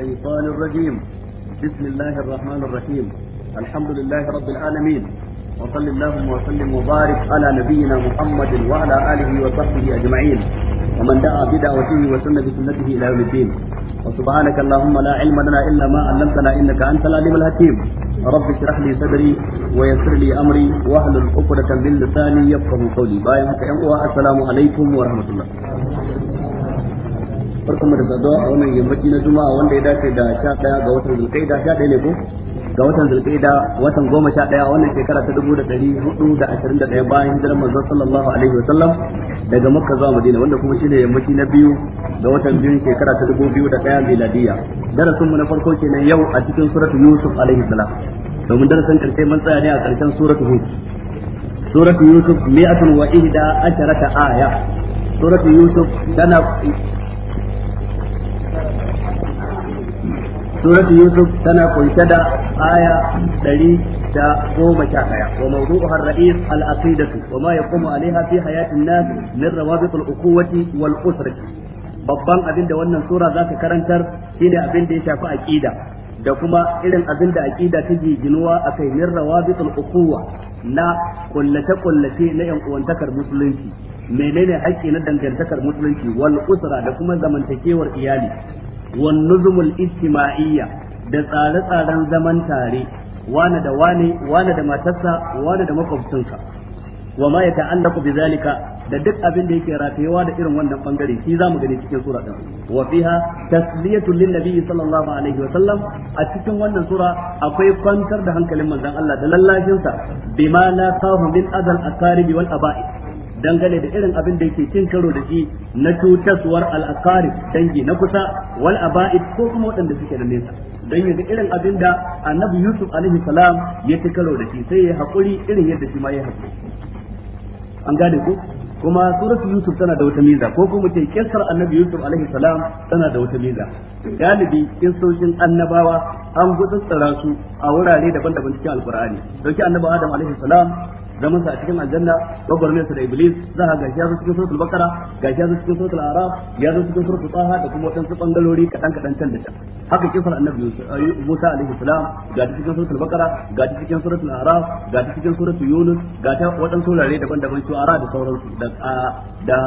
الشيطان الرجيم بسم الله الرحمن الرحيم الحمد لله رب العالمين وصل اللهم وسلم وبارك على نبينا محمد وعلى اله وصحبه اجمعين ومن دعا بدعوته وسن بسنته الى يوم الدين وسبحانك اللهم لا علم لنا الا ما علمتنا انك انت العليم الحكيم رب اشرح لي صدري ويسر لي امري واحلل عقدة من لساني يفقهوا قولي بايعك يا السلام عليكم ورحمه الله mu da saduwa a wannan yammaci na juma'a wanda ya dace da sha ɗaya ga watan zulkaida sha ɗaya ne ko ga watan zulkaida watan goma sha ɗaya wannan shekara ta dubu da ɗari hudu da ashirin da ɗaya bayan hijirar manzon sallallahu alaihi wa sallam daga makka zuwa madina wanda kuma shine yammaci na biyu ga watan biyu shekara ta dubu biyu da ɗaya miladiya darasinmu na farko kenan yau a cikin suratu yusuf alaihi salam domin darasin karshe mun tsaya ne a karshen suratu hud suratu yusuf mi'atun wa ihda asharata aya suratu yusuf tana سورة يوسف سنة كنشدة آية دليل قوم شاكايا وموضوعها الرئيس العقيدة وما يقوم عليها في حياة الناس من روابط الأخوة والأسرة babban abin da wannan sura za ta karantar shine abin da ya shafi aqida da kuma irin abin da aqida ta ginuwa a kai min rawabitul uquwa na kullace kullace na yan uwantakar musulunci menene haƙƙi na dangantakar musulunci wal usra da kuma zamantakewar iyali wan nuzumul ijtima'iyya da tsare-tsaren zaman tare wani da wani wani da matarsa wani wa ma ya ta'allaqu bi zalika da duk abin da yake ratayewa da irin wannan bangare shi zamu gani cikin sura din wa fiha tasliyatu lin sallallahu alaihi wa a cikin wannan sura akwai kwantar da hankalin manzon Allah da lallashin sa bima la khafu min adal aqaribi wal aba'i dangane da irin abin da yake cin karo da shi na cutaswar al-aqarib dangi na kusa wal aba'id ko kuma waɗanda suke da nesa dan yaga irin abin da annabi yusuf alaihi salam ya ci karo da shi sai ya hakuri irin yadda shi ma ya hakuri an gane ku, kuma suratu yusuf tana da wata miza ko kuma ce kissar annabi yusuf alaihi salam tana da wata miza galibi kissoshin annabawa an tsara su a wurare daban-daban cikin alqur'ani dauki annabi adam alaihi salam zaman sa a cikin aljanna gwagwarmayar sa da iblis za ka gashi ya cikin suratul bakara gashi ya cikin suratul araf ya cikin suratul taha da kuma wadansu bangalori kadan kadan can da can haka kisar annabi Musa eh, alaihi salam ga cikin suratul bakara ga cikin suratul araf ga cikin suratul yunus ga ta wadansu wurare daban-daban su ara da su da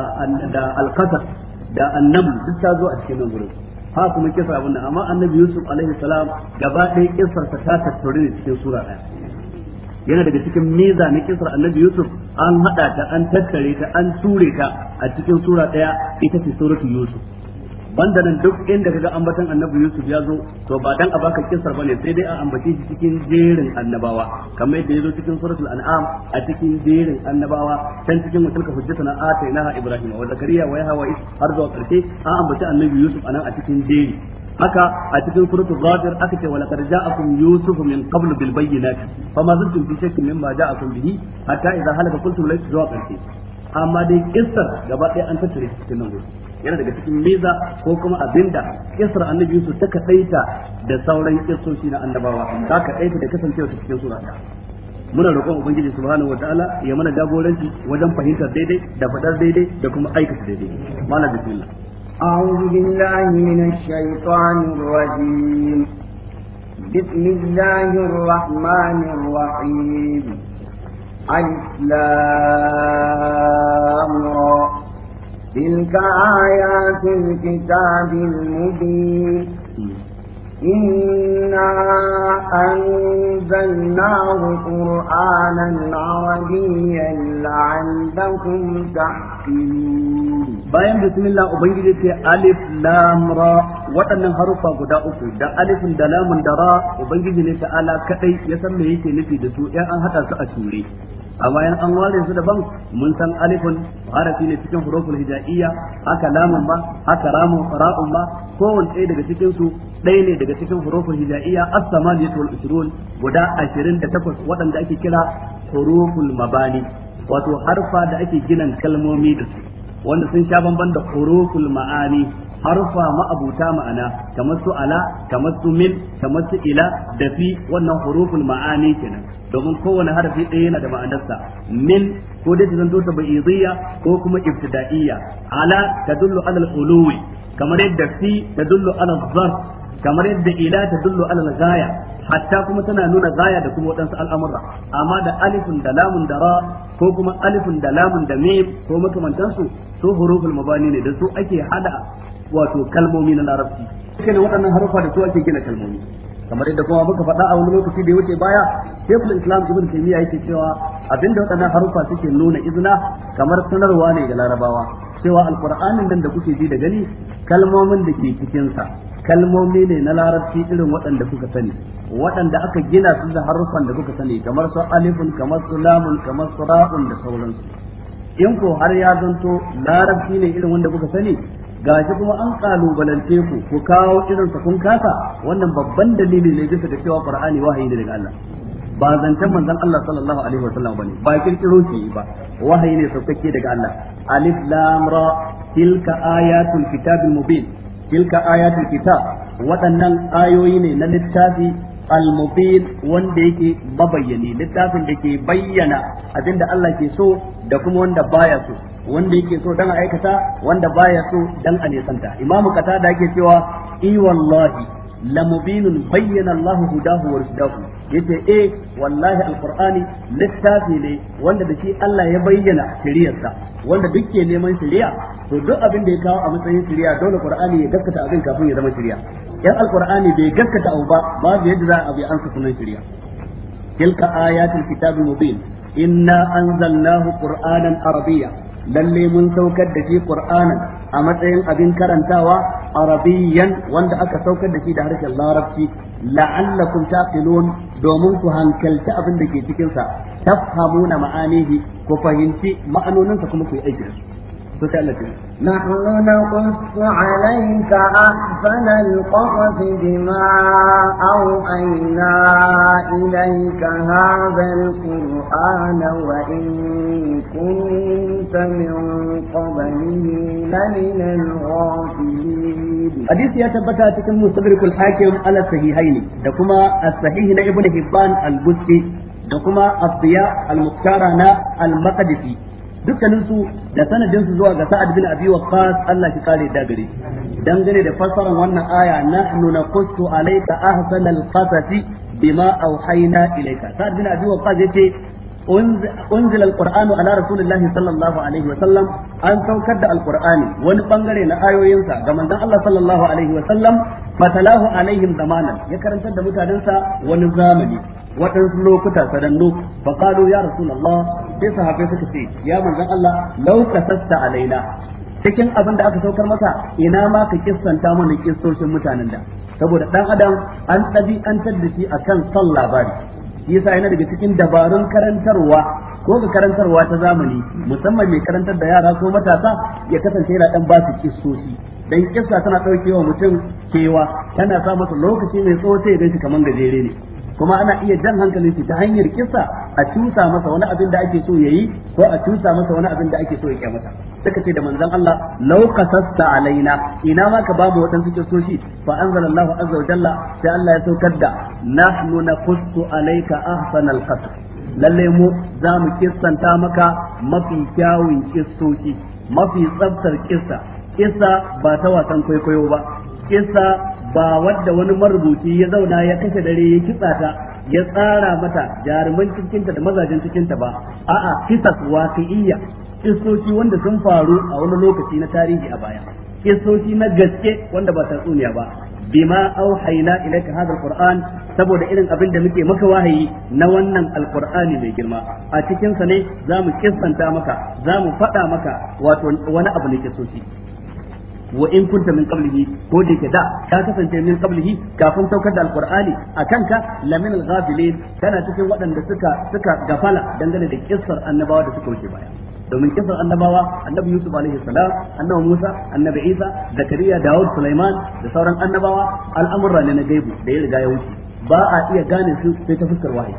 da al-qasas da annabi duk ta zo a cikin nan gurin ha kuma kisar abin nan amma annabi Yusuf alaihi salam gaba ɗaya kisar ta ta ne cikin sura ɗaya yana daga cikin meza na kisar annabi yusuf an hada ta an tattare ta an ture ta a cikin sura daya ita ce suratu yusuf banda nan duk inda kaga ambaton annabi yusuf ya zo to ba dan a baka kisar bane sai dai a ambace shi cikin jerin annabawa kamar yadda ya zo cikin suratul an'am a cikin jerin annabawa can cikin wutul ka hujjata na atainaha ibrahim wa zakariya wa yahwa har zuwa karshe an ambaci annabi yusuf anan a cikin jeri haka a cikin suratul ghafir aka ce wala qad ja'akum yusuf min qablu bil bayyana fama zuntum fi shakkin mimma ja'akum bihi hatta idza halaka qultum la zuwa karfi amma dai kissar gaba ɗaya an tattare cikin nan gurin yana daga cikin meza ko kuma abinda kisar annabi Yusuf ta kadaita da sauran kisoshi na annabawa ta kadaita da kasancewa cikin sura muna roƙon ubangiji subhanahu wataala ya mana jagoranci wajen fahimtar daidai da faɗar daidai da kuma aikata daidai mala bismillah أعوذ بالله من الشيطان الرجيم بسم الله الرحمن الرحيم الإسلام تلك آيات الكتاب المبين إنا أنزلناه قرآنا عربيا لعلكم تحفظون bayan bismillah ubangiji ce alif lam ra waɗannan haruffa guda uku da alif da lamun da ra ubangiji ne ta'ala kadai ya san me yake nufi da su in an hada su a ture a bayan an ware su daban mun san alifun harafi ne cikin huruful hijaiyya haka lamun ba haka ramun ra'un ba kowanne ɗaya daga cikin su ɗaya ne daga cikin huruful hijaiyya as-samaniyatul usrun guda 28 waɗanda ake kira huruful mabani wato harfa da ake ginan kalmomi da su wanda sun sha bamban da huruful ma'ani harfa ma'abuta ma'ana kamar su ala kamar su min kamar su ila da fi wannan huruful ma'ani kenan domin kowane harfi ɗaya yana da ma'anarsa min ko dai zanto ta ba'idiyya ko kuma ibtida'iyya ala tadullu ala al-uluwi kamar yadda fi tadullu ala zarf kamar yadda ila ta dullu alal gaya hatta kuma tana nuna gaya da kuma waɗansu al'amura amma da alifin da lamun da ra ko kuma alifun da lamun da mim ko makamantansu su huruful mabani ne da su ake hada wato kalmomi na larabci kake waɗannan harufa da su ake gina kalmomi kamar yadda kuma muka faɗa a wani lokaci da ya wuce baya shekul islam ibn taymiya yake cewa abinda waɗannan harufa suke nuna izna kamar sanarwa ne ga larabawa cewa alqur'anin nan da kuke ji da gani kalmomin da ke cikin sa kalmomi ne na larabci irin waɗanda kuka sani waɗanda aka gina su da haruffan da kuka sani kamar su alifun kamar su lamun kamar su ra'un da sauransu in ko har ya zanto larabci ne irin wanda kuka sani gashi kuma an kalubalance ku ku kawo irin sa kun kasa wannan babban dalili ne bisa da cewa qur'ani wahayi ne daga Allah ba zancen manzon Allah sallallahu alaihi wasallam bane ba kirkiro shi ba wahayi ne saukakke daga Allah alif lam ra tilka ayatul kitabil mubin tilka ayatul kitab waɗannan ayoyi ne na littafi al wanda yake mabayyani littafin da ke bayyana abinda Allah ke so da kuma wanda baya so wanda yake so dan aikata wanda baya so dan a nesanta imamu kata da yake cewa i wallahi la mubinun bayyana lahu hudahu wa rusdahu yace e wallahi alqur'ani littafi ne wanda da shi Allah ya bayyana shiriyarsa wanda duk ke neman shiriya to duk abin da ya kawo a matsayin shiriya dole qur'ani ya gaskata abin kafin ya zama shirya. yan alqur'ani bai gaskata abu ba babu yadda za a bi an sunan shiriya tilka ayatul kitabil mubin inna anzalnahu qur'anan arabiyya lalle mun saukar da shi qur'anan a matsayin abin karantawa arabiyan wanda aka saukar da shi da harshen larabci la'allakum taqilun domin ku hankalta abin da ke cikin sa tafhamuna ma'anihi ku fahimci ma'anoninsa kuma ku yi aiki da su نحن نقص عليك أحسن القصص بما أوحينا إليك هذا القرآن وإن كنت من قبله لمن الغافلين حديث يا تبتا تكن مستدرك الحاكم على الصحيحين دكما الصحيح لابن حبان البسي دكما الضياء المختار المقدسي dukkanin su da sanadin su zuwa ga Sa'ad bin Abi Waqqas Allah ki kare da gare dangane da fassarar wannan aya nahnu naqussu alayka ahsanal qasasi bima awhayna ilayka Sa'ad bin Abi Waqqas yace unzila alqur'anu ala rasulillahi sallallahu an saukar da alqur'ani wani bangare na ayoyinsa ga manzon Allah sallallahu alaihi wa sallam fatalahu alaihim zamanan ya karantar da mutanensa wani zamani waɗansu lokuta sadannu fa qalu ya rasulullah sai sahabbai suka ce ya manzon Allah law a laina. cikin abin da aka saukar masa ina ma ka kissanta mana kissoshin mutanen da saboda dan adam an tabi an taddaci akan son labari shi yasa yana daga cikin dabarun karantarwa ko ga karantarwa ta zamani musamman mai karantar da yara ko matasa ya kasance yana dan basu kissoshi dan kissa tana daukewa mutum kewa tana sa masa lokaci mai tsawo sai shi kaman gajere ne kuma ana iya jan hankalin shi ta hanyar kissa a cusa masa wani abin da ake so yayi ko a cusa masa wani abin da ake so ya kyamata suka ce da manzon Allah law qasasta alaina ina ma ka bamu wadansu kisoshi fa anzalallahu azza wa jalla sai Allah ya saukar da nahnu naqussu alayka ahsanal qasas lalle mu za mu kissanta maka mafi kyawun kissoshi mafi tsabtar kissa kissa ba ta wasan kwaikwayo ba kissa ba wadda wani marubuci ya zauna ya kashe dare ya kitsa ta ya tsara mata jaruman cikinta da mazajen cikinta ba a'a kisas waqi'iyya kisoci wanda sun faru a wani lokaci na tarihi a baya kisoci na gaske wanda ba tatsuniya ba bima auhayna ilayka hadha alquran saboda irin abin da muke maka wahayi na wannan alqur'ani mai girma a cikin sa ne zamu kissanta maka zamu faɗa maka wato wani abu ne kisoci wa in kunta min qablihi ko da ke da ka kasance min qablihi kafin saukar da alqur'ani akan ka lamin alghafilin kana cikin waɗanda suka suka gafala dangane da kissar annabawa da suka wuce baya domin kisar annabawa annabi yusuf alaihi salam annabi musa annabi isa zakariya dawud sulaiman da sauran annabawa al'amurra ne na gaibu da ya riga ya wuce ba a iya gane su sai ta fuskar wahayi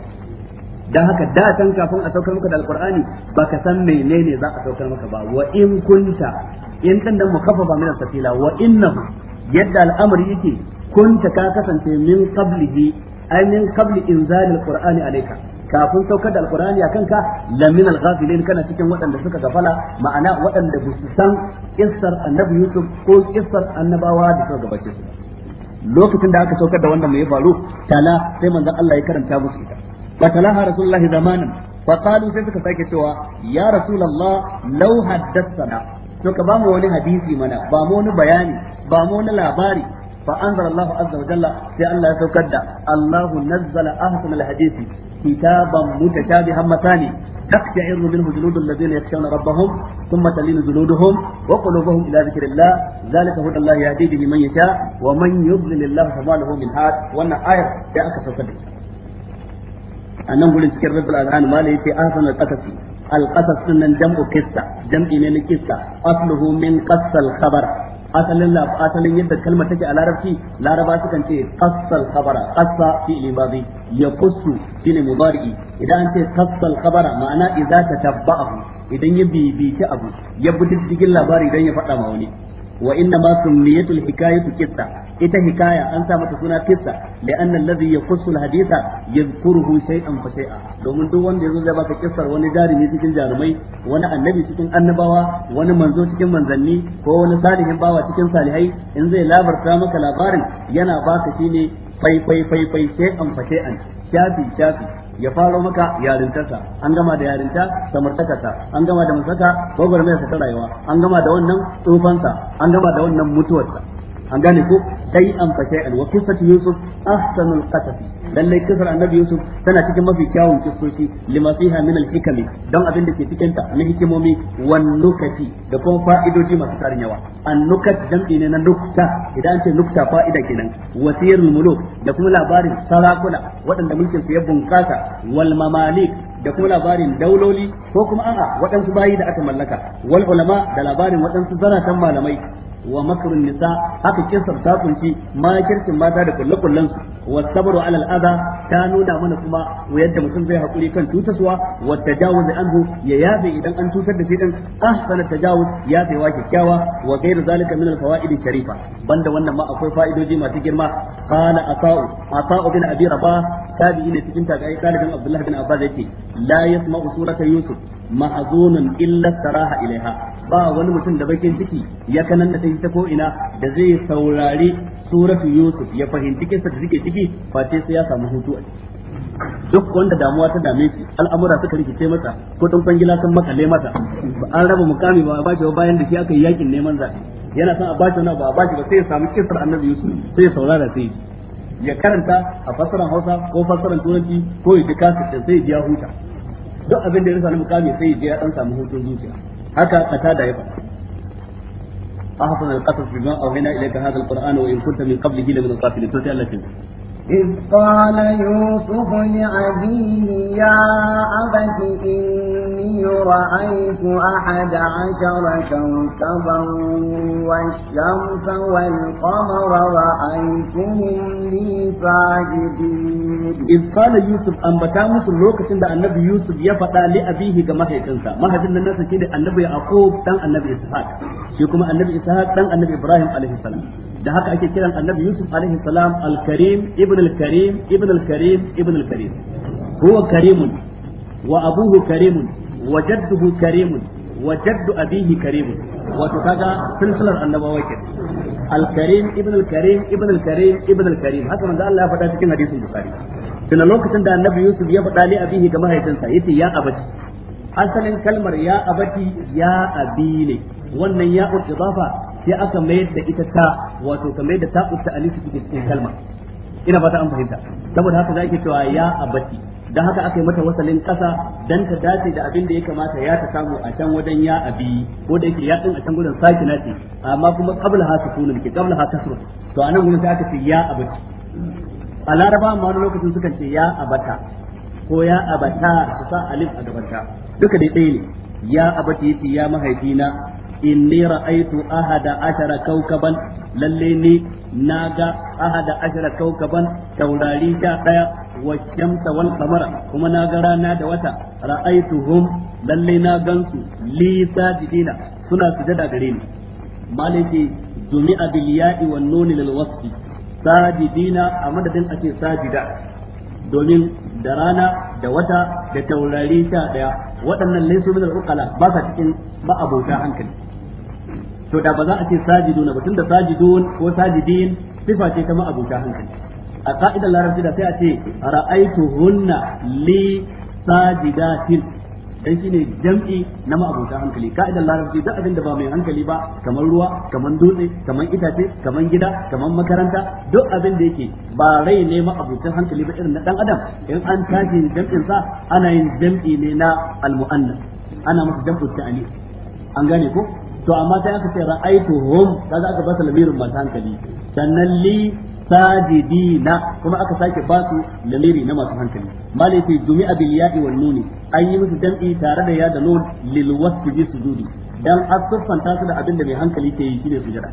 dan haka da can kafin a saukar maka da alqur'ani ba ka san menene za a saukar maka ba wa in kunta in dan dan ba min safila wa innahu yadda al'amari yake kunta ka kasance min qablihi ay min qabli inzalil qur'ani alayka kafin saukar da a akan ka lamin alghafilin kana cikin waɗanda suka gafala ma'ana waɗanda ba su san kissar annabi yusuf ko kissar annabawa da suka gabace su lokacin da aka saukar da wanda mai faru tala sai manzon Allah ya karanta musu ita fa talaha rasulullahi zamanan fa qalu sai suka sake cewa ya rasulullah law haddathana to ka ba mu wani hadisi mana ba mu wani bayani ba mu wani labari فأنزل sai Allah ya في da. Allahu الله نزل أحسن الحديث كتابا متشابها مثاني تقشعر منه جلود الذين يخشون ربهم ثم تلين جلودهم وقلوبهم الى ذكر الله ذلك هدى الله يهدي به من يشاء ومن يضلل الله فما له من هاد وان ايه جاء كفصل annan gurin cikin rabbul azhan ma yace ahsan al-qasas al-qasas sunan jam'u qissa jam'i ne na qissa asluhu min qassa al-khabar asalin asalin yadda kalmar take a larabci laraba kan ce qassal khabara qassa fi ya yaqussu fi mudari idan an ce qassal khabara ma'ana idza tatabbahu idan ya ta abu ya bi diddigin labari dan ya fada ma wani wa inna ma summiyatul hikayatu qissa ita hikaya an sa mata suna qissa da anna alladhi yakhussu alhaditha yadhkuruhu shay'an fa shay'a domin duk wanda yazo zai baka kisar, wani jarumi cikin jarumai wani annabi cikin annabawa wani manzo cikin manzanni ko wani salihin bawa cikin salihai in zai labarta maka labarin yana baka shine fai fai fai fai shay'an fa shay'an shafi shafi ya faro maka yarintarsa an gama da yarinta samartakarsa an gama da musaka gwagwarmayarsa ta rayuwa an gama da wannan tsufansa an gama da wannan mutuwarsa an gane ko sai an fa shay'an wa qissatu yusuf ahsanul qasas lalle kisar annabi yusuf tana cikin mafi kyawun kissoci lima fiha min al hikami don abin da ke cikin ta na hikimomi wan nukati da kuma fa'idoji masu tarin yawa an nukat jam'i ne na nukta idan an ce nukta fa'ida kenan wasirul muluk da kuma labarin sarakuna waɗanda mulkin su ya bunƙasa wal mamalik da kuma labarin dauloli ko kuma a'a waɗansu bayi da aka mallaka wal ulama da labarin waɗansu zaratan malamai wa makrun nisa haka kisar ta kunshi makircin mata da kullu kullun su wa sabru ala ta nuna mana kuma yadda mutum zai hakuri kan tutaswa wa tajawuz anhu ya yafe idan an tutar da shi din ahsana tajawuz wa kyakkyawa wa ghairu zalika min al-fawaid sharifa banda wannan ma akwai fa'idoji masu girma qala asa'u asa'u bin abi rabah tabi'i ne cikin tabi'i talibin abdullah bin abbas yake la yasma'u surata yusuf mahzunun illa saraha ilaiha ba wani mutum da bakin ciki ya kanan da ta ko ina da zai saurari suratu yusuf ya fahimci kinsa da suke ciki ba sai sai ya samu hutu a ciki. duk wanda damuwa ta dame shi al'amura suka rikice masa ko dan kwangila sun makale masa an raba mukami ba ba shi bayan da shi aka yi yakin neman zaɓe yana son a bashi wani ba a bashi ba sai ya samu kisar annabi yusuf sai ya saurara sai ya karanta a fassaran hausa ko fassaran turanci ko ya ji kasa sai ya huta duk abin da ya rasa na mukami sai ya je ya dan samu hutun zuciya haka kata da yaba ahsan al-qasas bima awhayna ilayka hadha al-qur'an wa in kunta min qablihi lamin al-ghafilin to sai Allah ya إذ قال يوسف لأبيه يا أبت إني رأيت أحد عشر كوكبا والشمس والقمر رأيتهم لي ساجدين إذ قال يوسف أن بتامس اللوكة عند النبي يوسف يفتى لأبيه كما هي تنسى ما هذا الناس كده النبي يعقوب تن النبي إسحاق شيكم النبي إسحاق تن النبي إبراهيم عليه السلام da haka ake kiran annabi Yusuf alaihi salam al-Karim al-karim ibn al ibn al huwa karimun wa abuhu karimun wa jadduhu karimun wa jaddu abihi karimun wato kaga silsilar annabawa ke al ibn al ibn al ibn al-karim haka manzo Allah ya faɗa cikin hadisin lokacin da annabi yusuf ya faɗa li abihi ga mahaifinsa yace ya abati asalin kalmar ya abati ya abi wannan ya idafa sai aka mayar ita ta wato ka mayar da ina fata an fahimta saboda haka zaki cewa ya abati dan haka aka yi mata wasalin kasa dan ta dace da abin da ya kamata ya ta samu a can wajen ya abi ko da yake ya din a can gurin saki na ce amma kuma qabla ha sukunun ke qabla ha kasru to anan gurin sai aka ce ya abati a laraba amma wani lokacin sukan ce ya abata ko ya abata su sa alif a gabanta duka dai ɗaya ne ya abati yace ya mahaifina inni ra'aitu ahada ashara kaukaban lalle ni Na naga ahada ashara kaukaban taurari sha ɗaya wa shamsa wal qamara kuma naga rana da wata ra'aituhum lallai na gansu li sajidina suna sujada gare ni malaki jumi'a bil ya'i wan nun lil wasfi sajidina a madadin ake sajida domin da rana da wata da taurari sha ɗaya, waɗannan laysu min al ba sa cikin ba abota hankali to da ba za a ce sajidun ba tunda sajidun ko sajidin sifa ce ta ma'abuta hankali a ka'idar larabci da sai a ce ra'aituhunna li sajidatin dan shine jam'i na ma'abuta hankali ka'idar larabci da abin da ba mai hankali ba kamar ruwa kamar dutse kamar itace kamar gida kamar makaranta duk abin da yake ba rai ne ma'abutan hankali ba irin na dan adam in an tashi jam'in sa ana yin jam'i ne na al-mu'annas ana masa jam'u ta'ani an gane ko to amma sai aka ce ra'aituhum kaza aka ba su lamirin masu hankali sannan li sajidina kuma aka sake ba su lamiri na masu hankali malai fi jumi'a bil ya'i wal nuni an yi musu dam'i tare da ya da nun lil wasfi bi sujudi dan ta su da abin da mai hankali ke yi shine sujada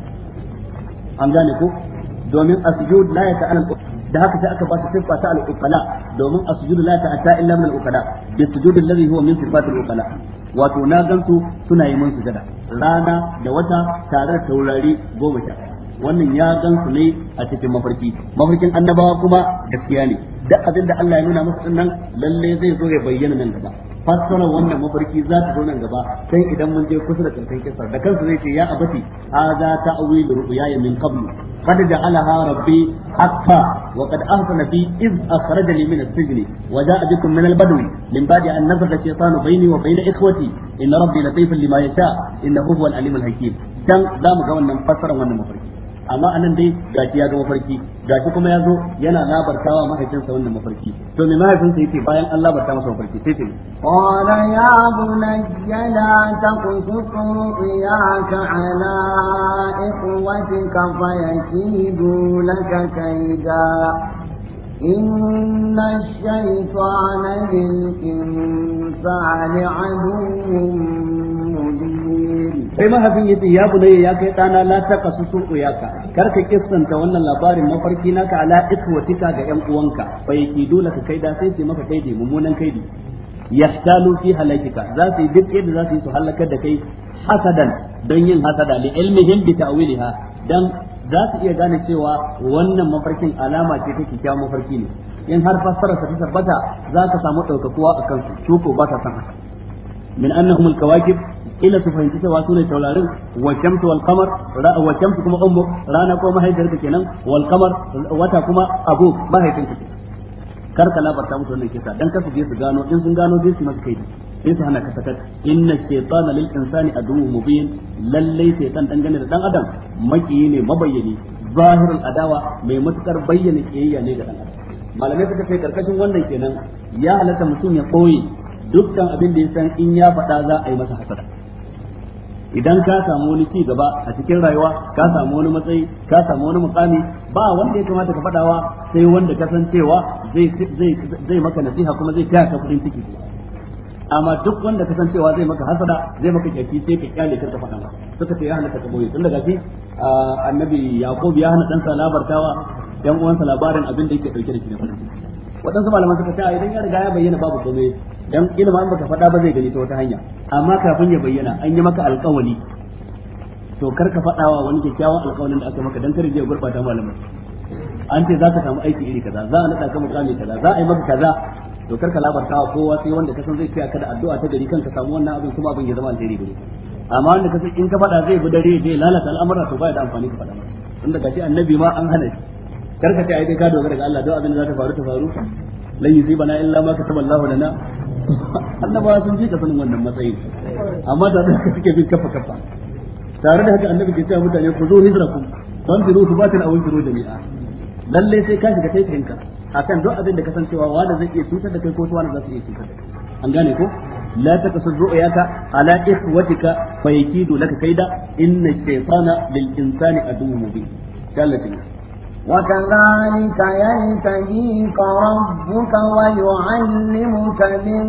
an gane ko domin asjud la ya ta'ala da haka sai aka ba su siffa ta al-uqala domin asjudu la ta'ata illa min al-uqala bi sujudi alladhi huwa min sifati al-uqala wato na gansu suna yi mun sujada rana da wata tare da taurari goma sha wannan ya gansu ne a cikin mafarki mafarkin annabawa kuma gaskiya ne duk abin da Allah ya nuna musu nan lalle zai zo ya bayyana nan gaba fassarar wannan mafarki za ta zo nan gaba sai idan mun je kusa da kankan kisar da kansu zai ce ya abati hadha ta'wil ru'yaya min qablu qad ja'alaha rabbi haqqan wa qad ahsana bi iz akhrajani min as-sijn wa ja'a bikum min al-badwi min ba'di an nazagha shaytanu bayni wa bayna ikhwati inna rabbi latifun lima yasha innahu huwal alim al-hakim dan za mu ga wannan fassarar wannan mafarki amma anan dai gashi ya ga mafarki gashi kuma ya zo yana labartawa mahaifinsa wannan mafarki to me mahaifinsa yake bayan an labarta masa mafarki sai ce qala ya bunayya la taqsut ru'yaka ala ikhwatika fayakidu laka kaida إن الشيطان للإنسان عدو sai mahaifin yace ya bunayya ya kai dana la taqasu su'yaka kar ka kissanta wannan labarin mafarki naka ala ikwatika ga yan uwanka fa dole ka kai sai sai maka kaidi mummunan kaidi yastalu fi halakika za su duk yadda za su yi su halakar da kai hasadan don yin hasada li ilmihim bi ta'wiliha dan za su iya gane cewa wannan mafarkin alama ce ta kikkiawar mafarki ne in har fassara ta tabbata za ka samu ɗaukakuwa a kansu su ko ba ta san haka min annahum al-kawakib ila su fahimci cewa su ne taurarin wa wal qamar wa shamsu kuma ummu rana ko mahaifiyarka kenan wal qamar wata kuma abu mahaifinka kenan kar ka labarta musu wannan kisa dan kasu je su gano in sun gano zai su maka kai sai su hana ka sakat inna shaytana lil insani aduwwu biyan lalle shaytan dangane da dan adam makiyi ne mabayyani zahirin adawa mai matukar bayyana kiyayya da ga dan adam malamai suka ce karkashin wannan kenan ya halatta mutum ya koyi dukkan abin da ya san in ya faɗa za a yi masa hasada idan ka samu wani ci gaba a cikin rayuwa ka samu wani matsayi ka samu wani mukami ba wanda ya kamata ka faɗawa sai wanda ka zai zai zai maka nasiha kuma zai taya ka kudin ciki amma duk wanda ka zai maka hasada zai maka kyaki sai ka kyale ka faɗa maka suka ce ya hana ka boye tun daga shi annabi yaqub ya hana dan sa labartawa yan uwansa labarin abin da yake dauke da shi ne farin waɗansu malaman suka ce idan ya riga ya bayyana babu komai dan ilma an baka faɗa ba zai gani ta wata hanya amma kafin ya bayyana an yi maka alƙawali. to kar ka faɗawa wani kyakkyawan alƙawalin da aka maka dan kar ya gurɓata malamin an ce za ka samu aiki iri kaza za a naɗa ka mukami kaza za a yi maka kaza to kar ka labarta wa kowa sai wanda ka san zai tsaya ka da addu'a ta gari kanka samu wannan abin kuma abin ya zama alheri gare amma wanda ka san in ka faɗa zai bi dare zai lalata al'amura to ya da amfani ka faɗa masa daga shi annabi ma an hana shi kar ka ce ai kai ka dogara ga Allah don abin da za ta faru ta faru lan yusibana illa ma kataballahu lana annabawa sun ji ka sanin wannan matsayi amma da haka suke bin kafa kafa tare da haka annabi ke cewa mutane ku zo hijrakum ban firu su batin awun firu jami'a lalle sai ka shiga kai kanka akan duk abin da ka san cewa wanda zai iya cutar da kai ko wanda za su iya cutar da kai an gane ko لا تقصد رؤياك على إخوتك فيكيد لك كيدا إن الشيطان للإنسان عدو مبين قال لك وكذلك يهتديك ربك ويعلمك من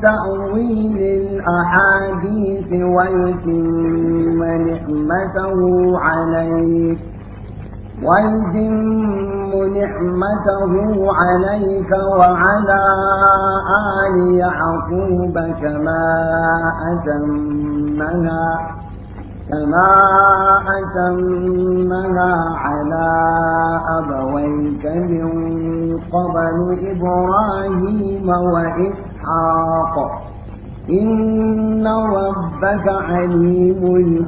تأويل الأحاديث ويتم نعمته عليك ويتم نعمته عليك وعلى آل يعقوب كما أتمها كما أتمها على أبويك من قبل إبراهيم وإسحاق إن ربك عليم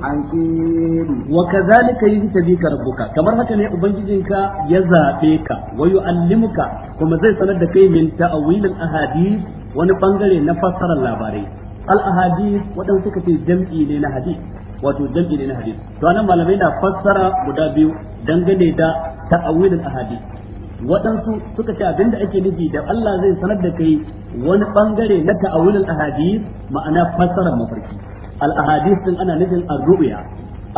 حكيم وكذلك يجتبيك ربك كما هكذا أبنجدك يزابيك ويؤلمك كما زي سندك من تأويل الأحاديث ونبنغل نفسر اللاباري الأحاديث ودن سكتي جمعي لنا حديث wato jam'i ne na hadith to anan malamai na fassara guda biyu dangane da ta'awilul ahadith waɗansu suka ce abinda ake nufi da Allah zai sanar da kai wani bangare na ta'awilul ahadith ma'ana fassara mafarki al ahadith ana nufin ar-ru'ya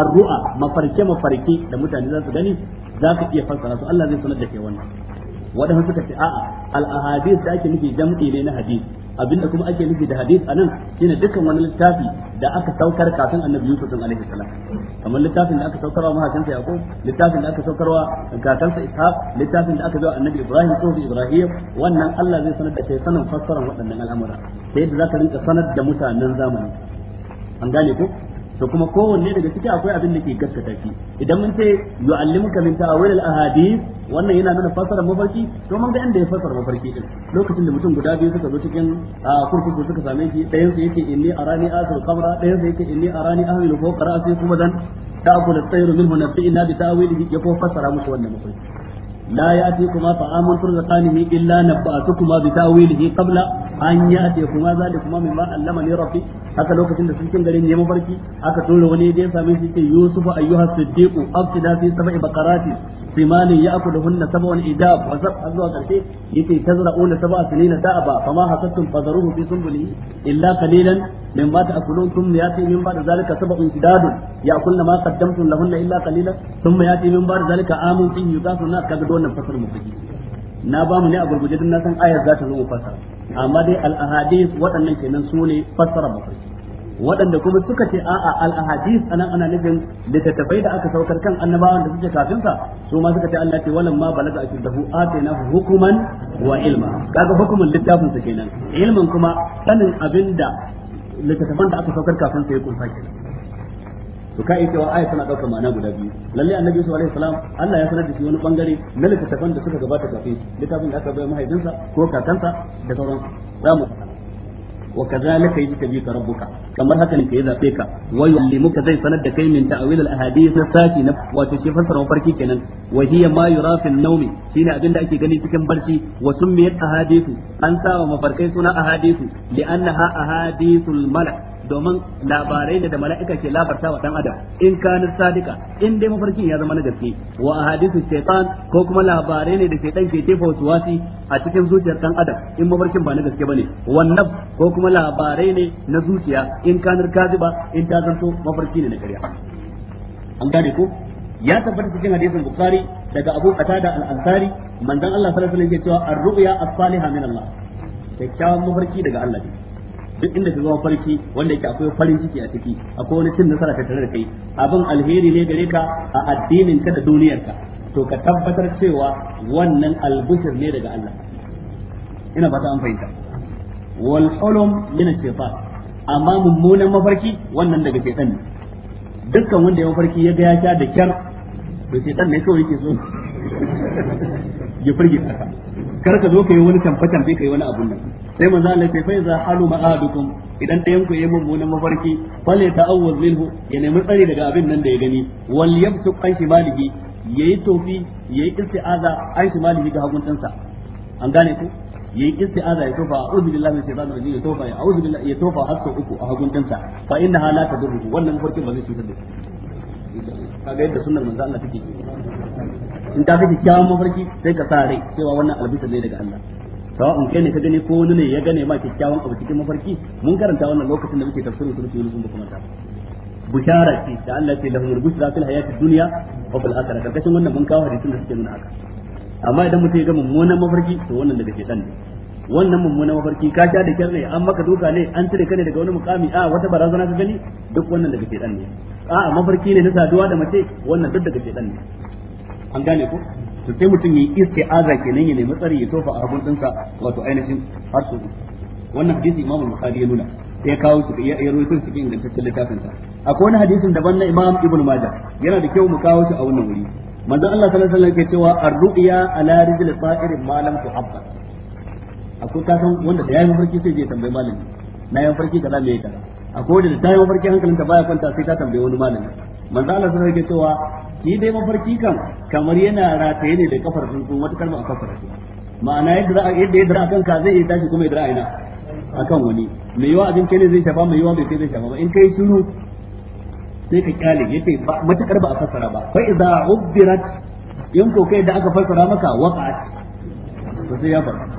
ar-ru'a mafarke mafarke da mutane za su gani za ka iya fassara su Allah zai sanar da kai wannan waɗansu suka ce a'a al-ahadith da ake nufi jam'i ne na hadith abinda kuma ake nufi da hadith anan shine dukkan wani littafi da aka saukar kafin annabi Yusuf din alaihi salam kamar littafin da aka saukarwa mahaifinsa Yaqub littafin da aka wa kakansa Ishaq littafin da aka zo annabi Ibrahim ko Ibrahim wannan Allah zai sanar da kai sanin fassarar waɗannan al'amura sai da zaka rinka sanar da mutanen zamani an gane ko to kuma kowanne daga ciki akwai abin da ke gaskata shi idan mun ce yu'allimuka min ta'awil al-ahadith wannan yana nuna fasara mafarki to mun ga inda ya fasara mafarki din lokacin da mutum guda biyu suka zo cikin kurkuku suka same shi ɗayan su yake inni arani asul qabra ɗayan su yake inni arani ahmilu fawqa ra'si kuma dan ta'kulu at minhu nabbi'ina bi ta'wilihi ya ko fasara musu wannan mafarki لا يأتيكما طعام ترزقانه إلا نبأتكما بتأويله قبل أن يأتيكما ذلكما مما علمني ربي haka lokacin da sun cikin garin ya mafarki aka tura wani da ya same shi ce Yusuf ayyuha siddiq abtida fi sab'i baqarati siman ya'kuluhunna sab'un idab wa sab'a zuwa karshe yace tazra'una sab'a sinina da'aba fama hasattum fadaruhu fi sunbulihi illa qalilan mimma ta'kulun thumma ya'ti min ba'da zalika sab'un idad ya'kulna ma qaddamtum lahunna illa qalilan thumma ya'ti min ba'da zalika amun fihi yughasuna kagdo wannan fasar mu fage na ba mu ne a gurguje din na san ayar za ta zo mu amma dai al ahadith waɗannan kenan su ne fasara mafarki waɗanda kuma suka ce a'a al ahadith anan ana nufin littattafai da aka saukar kan annabawan da suke kafin sa su ma suka ce Allah ce walan ma balaga ashuddahu atainahu hukuman wa ilma kaga hukuman littafin sa kenan ilmin kuma sanin abinda littattafan da aka saukar kafin sa ya kunsa kenan to ka yi cewa ayat tana daukar ma'ana guda biyu lalle annabi su alaihi salam Allah ya sanar da shi wani bangare na littattafan da suka gabata kafin shi littafin da aka bayar mahaifinsa ko kakansa da sauran za mu wa kadhalika yajika bika rabbuka kamar haka ne kai zabe ka wa yuallimuka zai sanar da kai min ta'wil al ahadith sati na wato shi fassara farki kenan wa hiya ma yura an-nawm shine abin da ake gani cikin barci wa summiyat ahadithu an sawa mafarkai suna ahadithu li'annaha ahadithul malak domin labarai ne da mala'ika ke labarta wa dan adam in kanar sadika in dai mafarkin ya zama na gaske wa ahadithu shaytan ko kuma labarai ne da shaytan ke jefa wasi a cikin zuciyar dan adam in mafarkin ba na gaske bane wannan ko kuma labarai ne na zuciya in kanar kaziba in ta zanto mafarki ne na ƙarya an gane ko ya tabbata cikin hadisin bukhari daga abu qatada al-ansari manzon Allah sallallahu alaihi wasallam ya ce ar-ru'ya as-salihah min Allah kyakkyawan mafarki daga Allah duk inda ka zama farki wanda yake akwai farin ciki a ciki akwai wani cin nasara tattare da kai abin alheri ne gare ka a addinin ka da duniyar ka to ka tabbatar cewa wannan albushir ne daga Allah ina ba ta an fahimta wal hulum min shaytan amma mummunan mafarki wannan daga shaytan ne dukkan wanda ya mafarki ya ga ya sha da kyar to shaytan ne kawai yake so ya firgita ka kar ka zo ka yi wani tamfe tamfe ka yi wani abun nan sai manzo Allah sai fa halu ma'adukum idan ɗayan ku yayin mummunan mafarki fale ta'awwaz minhu ya nemi tsari daga abin nan da ya gani wal yabtu an shimalihi yayi tofi yayi isti'aza an shimalihi ga hagun an gane ku yayi isti'aza ya tofa a'udhu billahi minash shaitanir rajim ya tofa a'udhu billahi ya tofa har sau uku a hagun ɗansa fa innaha la tadurru wannan mafarkin ba zai cutar da shi kaga yadda sunnar manzo Allah take in ta fi kyawun mafarki sai ka sa rai cewa wannan albisa ne daga Allah sawa'un kai ne ka gani ko wani ne ya gane ma kyakkyawan abu cikin mafarki mun karanta wannan lokacin da muke tafsirin suratul yunus ba kuma ta bushara ce da Allah ce lahumul bushra fil hayatid dunya wa fil akhirah karkashin wannan mun kawo hadisin da suke nuna haka amma idan mutum ya ga mummunan mafarki to wannan daga shedan ne wannan mummunan mafarki ka sha da kyar ne an maka duka ne an cire ka ne daga wani mukami a wata barazana ka gani duk wannan daga shedan ne a mafarki ne na saduwa da mace wannan duk daga shedan ne an gane ko to sai mutum ya isti'aza kenan ya nemi tsari ya tofa a hagun dinsa wato ainihin har su wannan hadisi Imam Bukhari ya nuna sai ya kawo su ya su cikin littafin sa akwai wani hadisin daban na Imam Ibn Majah yana da kyau mu kawo shi a wannan wuri manzon Allah sallallahu alaihi wasallam cewa ar-ru'ya ala rijli sa'irin ma lam tuhabba akwai ka san wanda da yayin farki sai malami na yayin farki kaza me ya akwai wanda da yayin farki hankalinta baya kwanta sai ta wani malami manzo Allah sun yake cewa shi dai mafarki kan kamar yana rataye ne da kafar sun kuma matakar ba a kafar shi ma'ana yadda yadda yadda akan ka zai iya tashi kuma yadda aina akan wani mai yawa abin kai ne zai shafa mai yawa bai kai zai shafa ba in kai shiru sai ka kyale yace matakar ba a fassara ba fa idza ubbirat in ko kai da aka fassara maka waqa'at to sai ya faru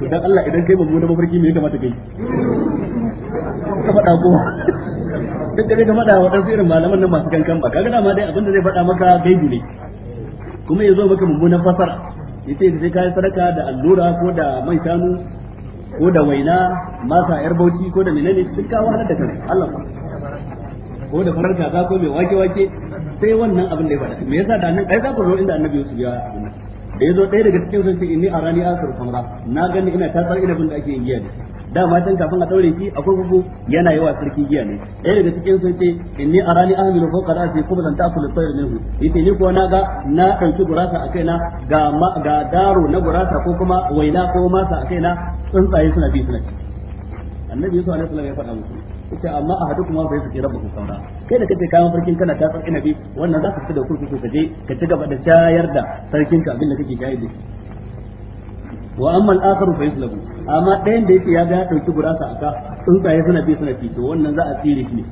to dan Allah idan kai da mafarki me ya kamata kai ka faɗa kuma duk da gama wa wadansu irin malaman nan masu kankan ba kaga dama dai abinda zai faɗa maka gaibu ne kuma ya zo maka mummunan fasara yace sai kai sadaka da allura ko da mai shanu ko da waina masa yar bauchi ko da menene duk ka wahalar da kai Allah ko da farar kaza ko mai wake wake sai wannan abin da ya faɗa me yasa da nan ai za ku zo inda annabi Yusuf ya da ya zo ɗaya daga cikin sun ce inni arani asir samra na gani ina ina inabin da ake yi ne dama tun kafin a daure shi a kurkuku yana yawa sarki giya ne ɗaya daga cikin sun ce inni arani ahmilu fawqa ra'si kubran ta'kulu tayr minhu yace ni ko na ga na dauki gurasa a kaina ga ga daro na gurasa ko kuma waina ko masa a kaina tsuntsaye suna bi suna annabi yusuf alaihi salam ya faɗa musu yace amma a hadu kuma bai fice rabbukum saura kai da kace kayan farkin kana ta tsaka nabi wannan za ka fita da kurkuku ka je ka ci gaba da shayar da sarkin ka abin da kake shayar da shi wa amma al-akharu fa yuslabu amma ɗayan da yake ya ga ya dauki gurasa aka tsuntsaye suna bi suna fito wannan za a tsire shi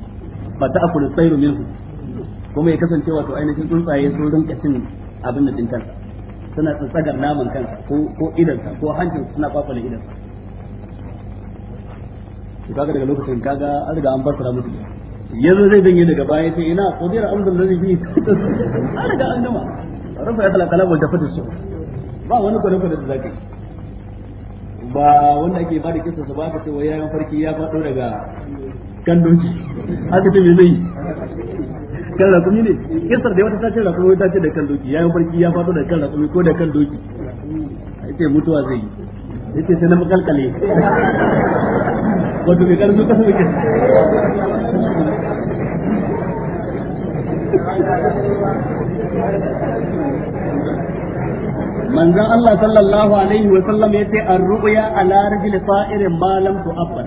ba ta akulu tsairu minhu kuma ya kasance wato ainihin tsuntsaye sun rinka cin abin da din kansa suna tsatsagar naman kansa ko ko idansa ko hancin suna kwakwale idansa to kaga daga lokacin kaga an riga an fassara musu yanzu zai danye daga baya sai ina qudira amdul zai fi an riga an gama rafa ya talaqala wa su ba wani kwarefa da zaki ba wanda ake ba da kisa su ba ka ce wai yayin farki ya faɗo daga kandoci haka ce mai zai kan rasumi ne kisar da wata tace rasumi wata ce da kan doki yayin farki ya faɗo daga kan rasumi ko da kan doki yace mutuwa zai yi yace sai na makalkale wato mai karfi kasa muke manzon Allah sallallahu alaihi wa sallam yace ar-ru'ya ala rajul sa'irin ma lam tu'abbar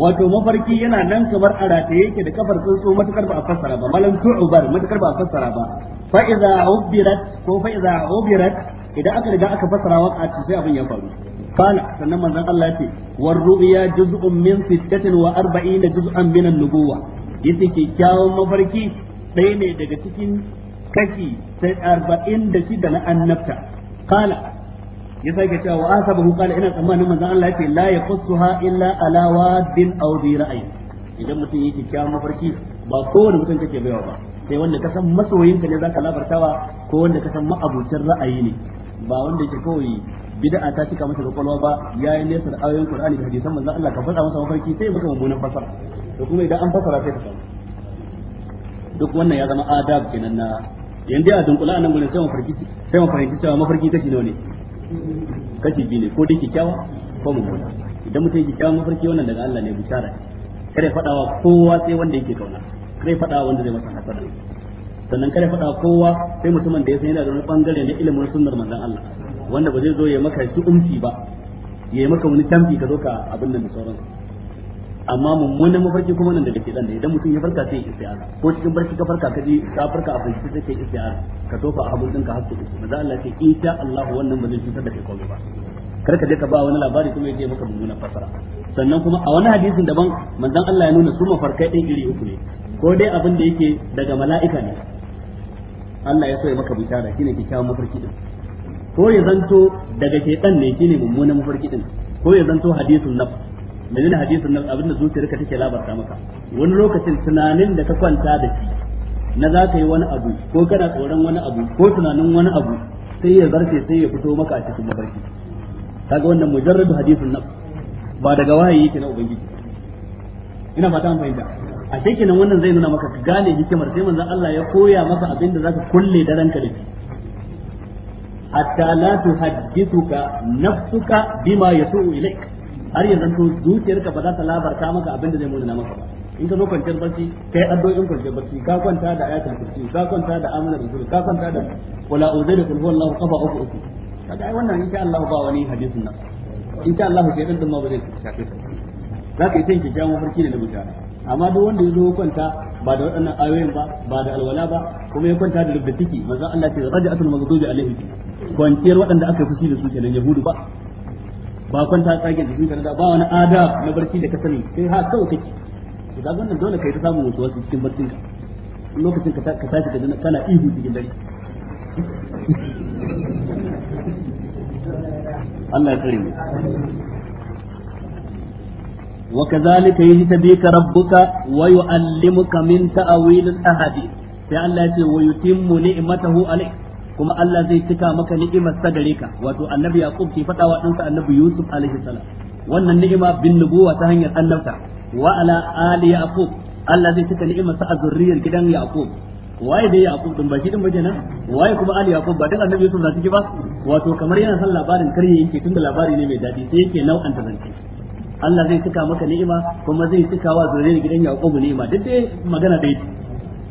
wato mafarki yana nan kamar a rataye yake da kafar tsuntsu matukar ba a fassara ba malam tu'ubar matukar ba a fassara ba fa idza ubirat ko fa idza ubirat idan aka riga aka fassara wa a sai abin ya faru kana sannan manzon Allah yace war ru'ya juz'un min sittatin wa arba'ina juz'an min an-nubuwa yace kyakkyawan mafarki ɗaya ne daga cikin kashi arba'in da shi shida na annabta kala ya sake cewa wa asabahu kala ina tsammanin manzon Allah yace la yaqussuha illa ala wadin aw bi ra'ayi idan mutum yake kyawun mafarki ba kowane mutum kake baiwa ba sai wanda ka san masoyinka ne zaka labartawa ko wanda ka san ma'abucin ra'ayi ne ba wanda yake kawai bid'a ta cika masa kwakwalwa ba yayin nesa da ayoyin Qur'ani da hadisan manzon Allah ka faɗa masa mafarki sai maka mummunan fasara to kuma idan an fasara sai ka samu duk wannan ya zama adab kenan na yanzu a dunkula a nan gudun sai mafarki sai mafarki cewa mafarki kashi nawa ne kashi biyu ne ko dai kyakkyawa ko mummuna idan mutum yake kyakkyawa mafarki wannan daga Allah ne bishara kare fadawa kowa sai wanda yake kauna kare fadawa wanda zai masa hasara sannan kare fadawa kowa sai mutumin da ya san yana da wani bangare na ilimin sunnar manzon Allah wanda ba zai zo ya maka shi umsi ba ya maka wani tambi ka zo ka abin nan da sauransu amma mummunan mafarki kuma nan daga shedan ne idan mutum ya farka sai ya isti'ara ko cikin barci ka farka ka ji ka farka a farki sai ka isti'ara ka tofa a hagun dinka haske uku maza Allah ce insha Allah wannan ba zai cutar da kai komai ba kar ka je ka ba wani labari kuma ya je maka mummunan fasara sannan kuma a wani hadisin daban manzon Allah ya nuna su mafarkai ɗin iri uku ne ko dai abin da yake daga mala'ika ne Allah ya so ya maka bishara shine kyakkyawan mafarki din ko ya zanto daga ɗan ne shine mummunan mafarki din ko ya zanto hadisin nafs menene hadisin nan abinda zuciyarka take labarta maka wani lokacin tunanin da ka kwanta da shi na za ka yi wani abu ko kana tsoron wani abu ko tunanin wani abu sai ya zarce sai ya fito maka a cikin mafarki kaga wannan mujarrabu hadisin nan ba daga wahayi yake na ubangiji ina fata an fahimta a sai kenan wannan zai nuna maka ka gane hikimar sai manzon Allah ya koya maka abin da zaka kulle da ranka da shi hatta la tuhaddithuka nafsuka bima yasu ilaika har yanzu to zuciyarka ba za ta labarta maka abin da zai muna maka ba in ka zo kwanciyar barci kai addu'o'in kwanciyar barci ka kwanta da ayatul kursi ka kwanta da amanar rasul ka kwanta da wala uzayda kul huwallahu qafa uku uku kaga ai wannan insha Allah ba wani hadisin nan insha Allah sai dan ma ba zai shafe ka zaka yi ta kyakkyawan mafarki ne na mutane amma duk wanda ya zo kwanta ba da waɗannan ayoyin ba ba da alwala ba kuma ya kwanta da rubda ciki manzon Allah ce raja'atul maghdubi alaihi kwanciyar waɗanda aka fushi da su kenan yahudu ba ba kwanta tsage jikin ka da ba wani ada na barci da ka sani sai ha kawai kake to da wannan dole kai ta samu wasu wasu cikin barcin ka lokacin ka ka tashi ka dana kana ihu cikin dare Allah ya kare mu وكذلك يجتبيك ربك ويعلمك من تأويل الأحاديث sai Allah ya ce wa yutimmu ni'matahu alayk kuma Allah zai cika maka ni'imar sa gare ka wato annabi yaqub ke faɗa wa ɗansa annabi yusuf alaihi salam wannan ni'ima bin nubuwa ta hanyar annabta wa ala ali yaqub Allah zai cika ni'imar sa a zurriyar gidan yaqub waye dai yaqub din ba shi din ba kenan waye kuma ali yaqub ba duk annabi yusuf na ciki ba wato kamar yana son labarin karye yake tunda labari ne mai daɗi sai yake nau'an ta zance Allah zai cika maka ni'ima kuma zai cika wa zurriyar gidan yaqub ni'ima duk dai magana dai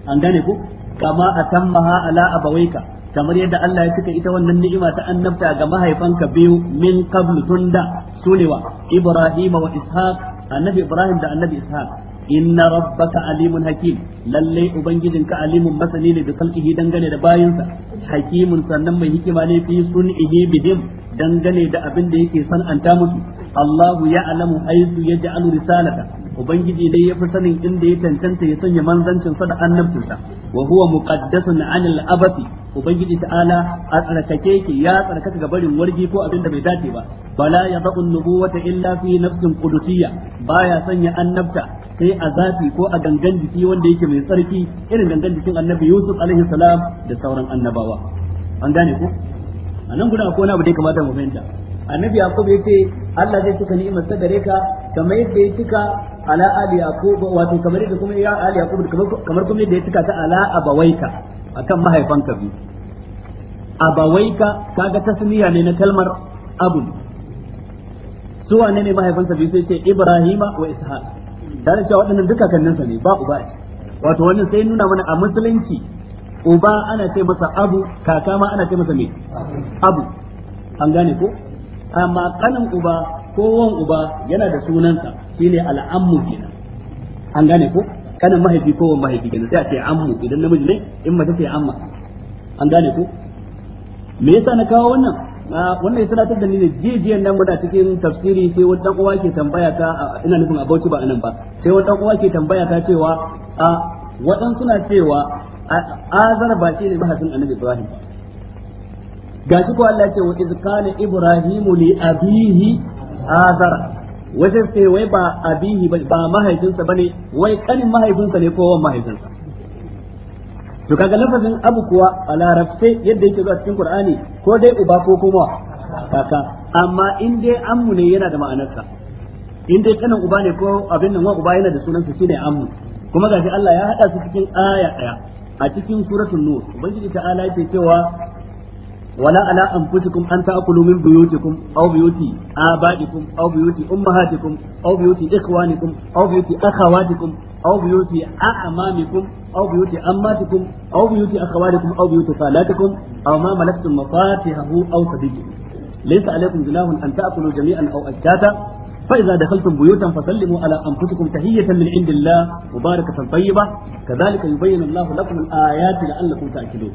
an gane ko kama atammaha ala abawaika kamar yadda Allah ya cika ita wannan ni'ima ta annabta ga mahaifanka biyu min qablu tunda sunewa wa Ibrahim wa Ishaq annabi Ibrahim da annabi Ishaq inna rabbaka alimun hakim lalle ubangijinka alimun masani ne da salkihi dangane da bayinsa hakimun sannan mai hikima ne fi sun'ihi bihim dangane da abin da yake san'anta musu Allahu ya'lamu haythu yaj'alu risalata ubangiji dai yafi sanin inda ya tantance ya sanya manzancin sa da annabcinsa wa huwa muqaddasun anil abati ubangiji ta'ala a tsarkake yake ya tsarkaka ga barin wargi ko abin da bai dace ba bala ya zabu nubuwata illa fi nafsin qudusiyya baya sanya annabta sai a zafi ko a gangan jiki wanda yake mai tsarki irin gangan jikin annabi Yusuf alaihi salam da sauran annabawa an gane ko a nan akwai wani abu da ya kamata mu fahimta annabi yaqub yake Allah zai cika ni'imar sa gare ka kamar yadda ya cika ala ali yaqub wato kamar da kuma ya ali yaqub kamar kuma da ya tuka ta ala abawaika akan mahaifanka bi abawaika kaga tasmiya ne na kalmar abun su wane ne mahaifansa bi sai ce ibrahima wa ishaq dan cewa waɗannan duka kannansa ne ba uba wato wannan sai nuna mana a musulunci uba ana ce masa abu kaka ma ana ce masa me abu an gane ko amma kanin uba ko wan uba yana da sunansa shine al'ammu kenan an gane ko kana mahaifi ko mahaifi kenan sai a ce ammu idan namiji ne in mace ce amma an gane ko me yasa na kawo wannan wannan ya sanatar da ni ne jijiyan nan muna cikin tafsiri sai wata uwa ke tambaya ta ina nufin abauci ba anan ba sai wata uwa ke tambaya ta cewa a wadan suna cewa azar ba shi ne mahaifin annabi ibrahim gashi ko Allah ya ce wa iz kana ibrahimu li abihi azara wajen sai wai ba abihi ba mahaifinsa ba ne wai kanin mahaifinsa ne ko mahaifinsa to kaga lafazin abu kuwa a larabce yadda yake zuwa cikin qur'ani ko dai uba ko kuma kaka amma in dai ammu ne yana da ma'anarsa in dai kanin uba ne ko abin nan uba yana da sunansa shine ammu kuma gashi Allah ya hada su cikin aya daya a cikin suratul nur ubangiji ta'ala yake cewa ولا على أنفسكم أن تأكلوا من بيوتكم أو بيوت آبائكم أو بيوت أمهاتكم أو بيوت إخوانكم أو بيوت أخواتكم أو بيوت أعمامكم أو بيوت أماتكم أو بيوت أخواتكم أو بيوت خالاتكم أو ما ملكتم مفاتحه أو صديقكم ليس عليكم جناح أن تأكلوا جميعا أو أشتاتا فإذا دخلتم بيوتا فسلموا على أنفسكم تحية من عند الله مباركة طيبة كذلك يبين الله لكم الآيات لعلكم تأكلون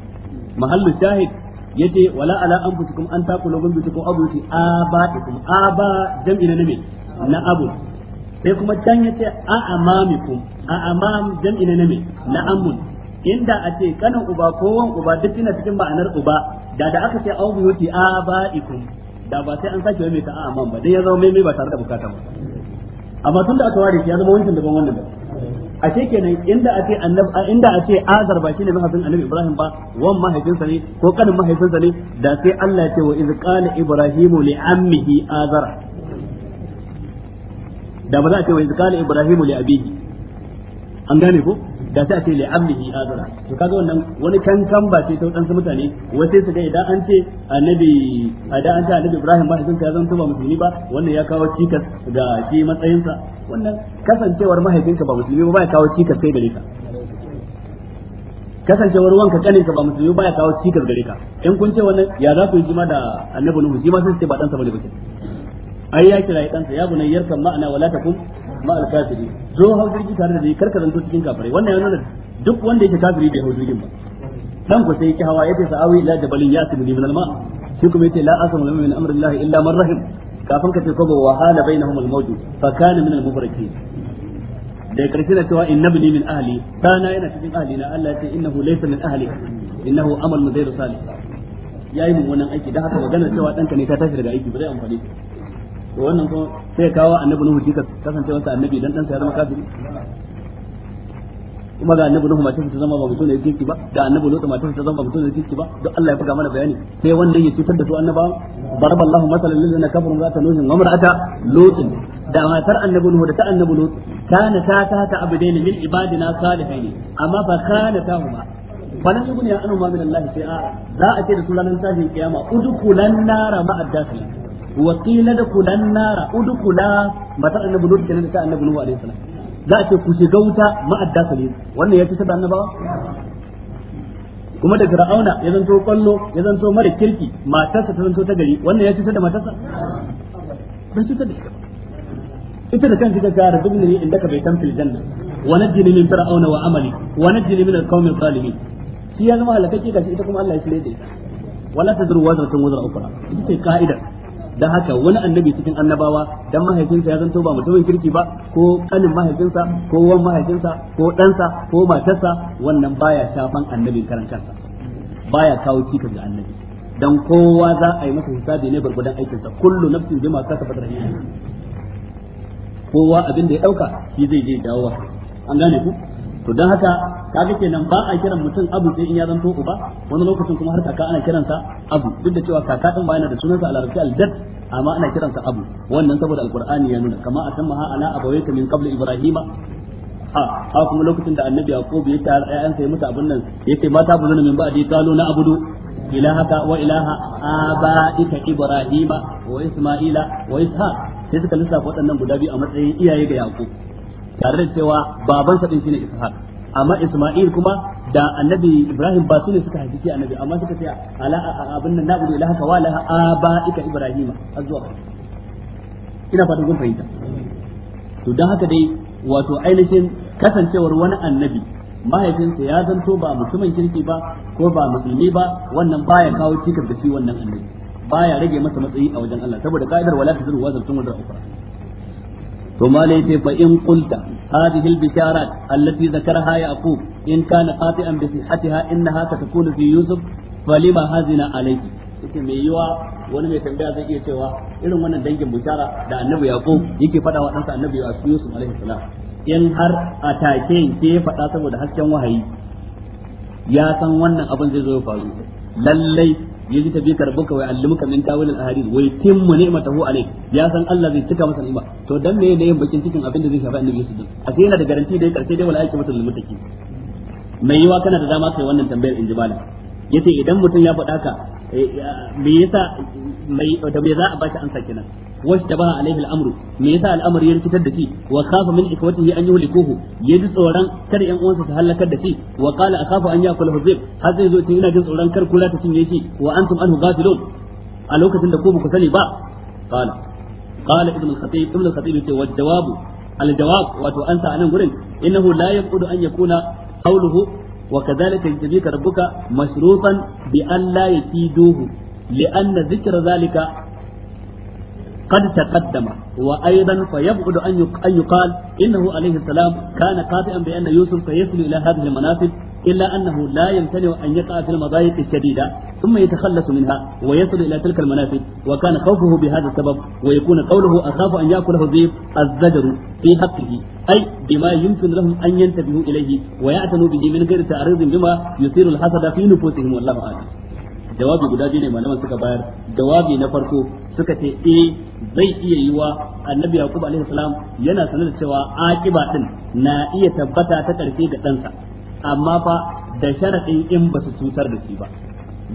محل الشاهد yace wala ala anfusikum an taqulu gum bi tukum abu abaikum aba jam'i na nabi na abu sai kuma can yace a amamikum a amam jam'i na nabi na amun inda a ce kanin uba ko wan uba duk ina cikin ma'anar uba da da aka ce abu yuti abaikum da ba sai an sake mai ta amam ba dai ya zama mai ba tare da bukata ba amma tun da aka ware shi ya zama wancan daban wannan ba a ce kenan inda a ce annabi inda a ce azar ba shine mahaifin annabi ibrahim ba wan mahaifinsa ne ko kanin mahaifinsa ne da sai Allah ya ce wa iz qala ibrahimu li ammihi azara da ba za a ce wa iz qala ibrahimu li abihi an gane ko da sai a ce li'amlihi azra to kaga wannan wani kankan ba sai ta su mutane wace su ga idan an ce annabi idan an ce annabi Ibrahim ba sai ya zanto ba musulmi ba wannan ya kawo cikas ga shi matsayinsa wannan kasancewar mahaifinka ba musulmi ba ya kawo cikas sai gare ka kasancewar wanka kaninka ka ba musulmi ba ya kawo cikas gare ka in kun ce wannan ya za ku yi jima da annabi Nuhu jima sai ba dan sa bane ba ai ya kira ya dan sa ya bunayyar kan ma'ana wala takum ma al zo hau jirgi tare da ni karka zanto cikin kafirai wannan yana duk wanda yake kafiri bai hau jirgin ba dan ku sai ki hawa yace sa'awi ila jabalin yasimuni min al shi kuma yace la min illa man rahim kafin ka ce ko ba wahala bainahum al fa kana min al da karshe na cewa inna bini min ahli dana yana cikin ahli na Allah ya innahu laysa min ahli innahu amal salih yayi aiki dan haka magana cewa danka ne ta tashi daga aiki ba zai amfane shi to wannan ko sai kawo annabi nuhu shi kasance wansa annabi dan dan sa ya zama kafiri kuma ga annabi nuhu matarsa ta zama ba mutum ne kirki ba da annabi lutu matarsa ta zama ba mutum ne kirki ba duk Allah ya faga mana bayani sai wannan ya cutar da su annabawa baraballahu masalan lil ladina kafaru ra'ata nuhin wa mar'ata lutin da matar annabi nuhu da ta annabi lutu kana ta ta ta abudaini min ibadina salihaini amma fa kana ta huma falan yugni anhu ma min Allah shay'a za a ce da su ranar tashin kiyama udkhulan nara ma'ad dakhilin wa qila da kulan nara udkhula matar annabi lut kenan ta annabi nuhu alaihi za a ce ku shiga wuta ma'adda salin wannan ya cutar da annabawa kuma da fir'auna ya zanto kwallo ya zanto mara kirki matarsa ta zanto ta gari wannan ya cutar da matarsa bai cutar da ita da kanta ka ga rabbin ne inda ka bai san fil janna wa najjini min fir'auna wa amali wa najjini min al-qaumi zalimin shi ya zama halakake shi ita kuma Allah ya tsire da ita wala tazru wazratun wazra ukra ita ce ka'idar dan haka wani annabi cikin annabawa dan mahaifinsa ya zanto ba mutumin kirki ba ko kanin mahaifinsa ko wan mahaifinsa ko ɗansa ko matarsa wannan baya shafan annabin karan kansa baya kawo cikas ga annabi dan kowa za a yi masa hisabi ne aikin aikinsa kullu nafsin bima kasabat rahim kowa abin da ya dauka shi zai je dawo an gane ku to dan haka kaga kenan ba a kiran mutum abu sai in ya zanto uba wani lokacin kuma har kaka ana kiransa abu duk da cewa kaka din ba yana da sunansa a larabci aljad amma ana kiransa abu wannan saboda alqur'ani ya nuna kama atamma ala abawayka min qabl ibrahima a kuma lokacin da annabi yaqub ya ta ayansa ya mutu abin nan yake mata bu zuna min ba'di qalu na abudu ilahaka wa ilaha abaika ibrahima wa isma'ila wa Isha. sai suka lissafa waɗannan guda biyu a matsayin iyaye ga yaqub tare da cewa babansa ɗin din shine ishaq amma Isma'il kuma da annabi Ibrahim ba su ne suka haifi annabi amma suka ce ala abin nan na'budu ilaha ka wala abaika Ibrahim azwa ina fatan kun fahimta to dan haka dai wato ainihin kasancewar wani annabi mahaifinsa ya zanto ba mutumin kirki ba ko ba musulmi ba wannan baya kawo cikas da shi wannan annabi baya rage masa matsayi a wajen Allah saboda ka'idar wala tazuru wa zaltun wa ukra to mala yace fa in qulta hadhihi al-bisharat allati zakaraha yaqub in kana qati'an bi sihhatiha innaha satakunu fi yusuf falima hazina alayhi yace mai yiwa wani mai tambaya zai iya cewa irin wannan dangin bushara da annabi yaqub yake faɗa wa ɗansa annabi yusuf alaihi salam in har a ke faɗa saboda hasken wahayi ya san wannan abin zai zo ya faru lallai yaji tabi karbuka wa allimuka min tawil ahadith wa yutimmu ni'matahu alayk ya san Allah zai cika masa ni'ima to dan me ne yin bakin cikin abin da zai shafa annabi Yusuf a sai yana da garanti da karshe dai wala aqibatul lil muttaqin mai yiwa kana da dama kai wannan tambayar in ji malam yace idan mutum ya faɗa ka eh, me yasa mai da me za a bashi ansa kenan washtabaha alaihi al-amru me yasa al'amari ya rikitar da shi wa khafa min ikwatihi an yuhlikuhu yaji tsoron kada yan uwansa su halakar da shi wa qala akhafu an yakula huzib har zai zo ce ina jin tsoron kar kula ta cinye shi wa antum anhu ghafilun a lokacin da ku ku sani ba qala qala ibn al-khatib ibn al-khatib yace wa jawabu al-jawab wato ansa anan gurin وكذلك يجزيك ربك مشروطا بأن لا يكيدوه لأن ذكر ذلك قد تقدم وأيضا فيبعد أن يقال إنه عليه السلام كان قاطعا بأن يوسف سيصل إلى هذه المناسب إلا أنه لا يمتنع أن يقع في المضايق الشديدة ثم يتخلص منها ويصل إلى تلك المنافذ وكان خوفه بهذا السبب ويكون قوله أخاف أن يأكله الذئب الزجر في حقه أي بما يمكن لهم أن ينتبهوا إليه ويعتنوا به من غير تعريض بما يثير الحسد في نفوسهم والله أعلم jawabi guda biyu ne malaman suka bayar jawabi na farko suka ce eh zai iya yiwa annabi Yakubu alaihi salam yana sanar da cewa akiba din na iya tabbata ta karfe ga ɗansa amma fa da sharadin in ba su cutar da shi ba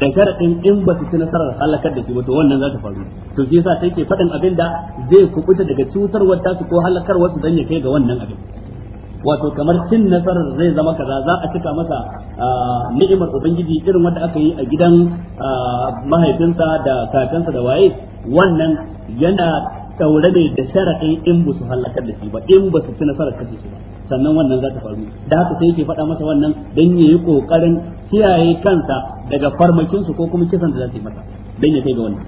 da sharadin in ba su ci nasarar halakar da shi ba to wannan za ta faru to shi yasa sai ke faɗin abin da zai kubuta daga cutar ta su ko halakar wasu dan ya kai ga wannan abin wato kamar cin nasarar zai zama kaza za a cika masa ni'imar ubangiji irin wanda aka yi a gidan mahaifinsa da kakansa da waye wannan yana taure ne da sharaɗin in ba su halakar da shi ba in ba su ci nasarar kashe shi ba sannan wannan za ta faru da haka sai yake faɗa masa wannan don ya yi ƙoƙarin kiyaye kansa daga farmakinsu ko kuma kisan da za su yi masa don ya kai ga wannan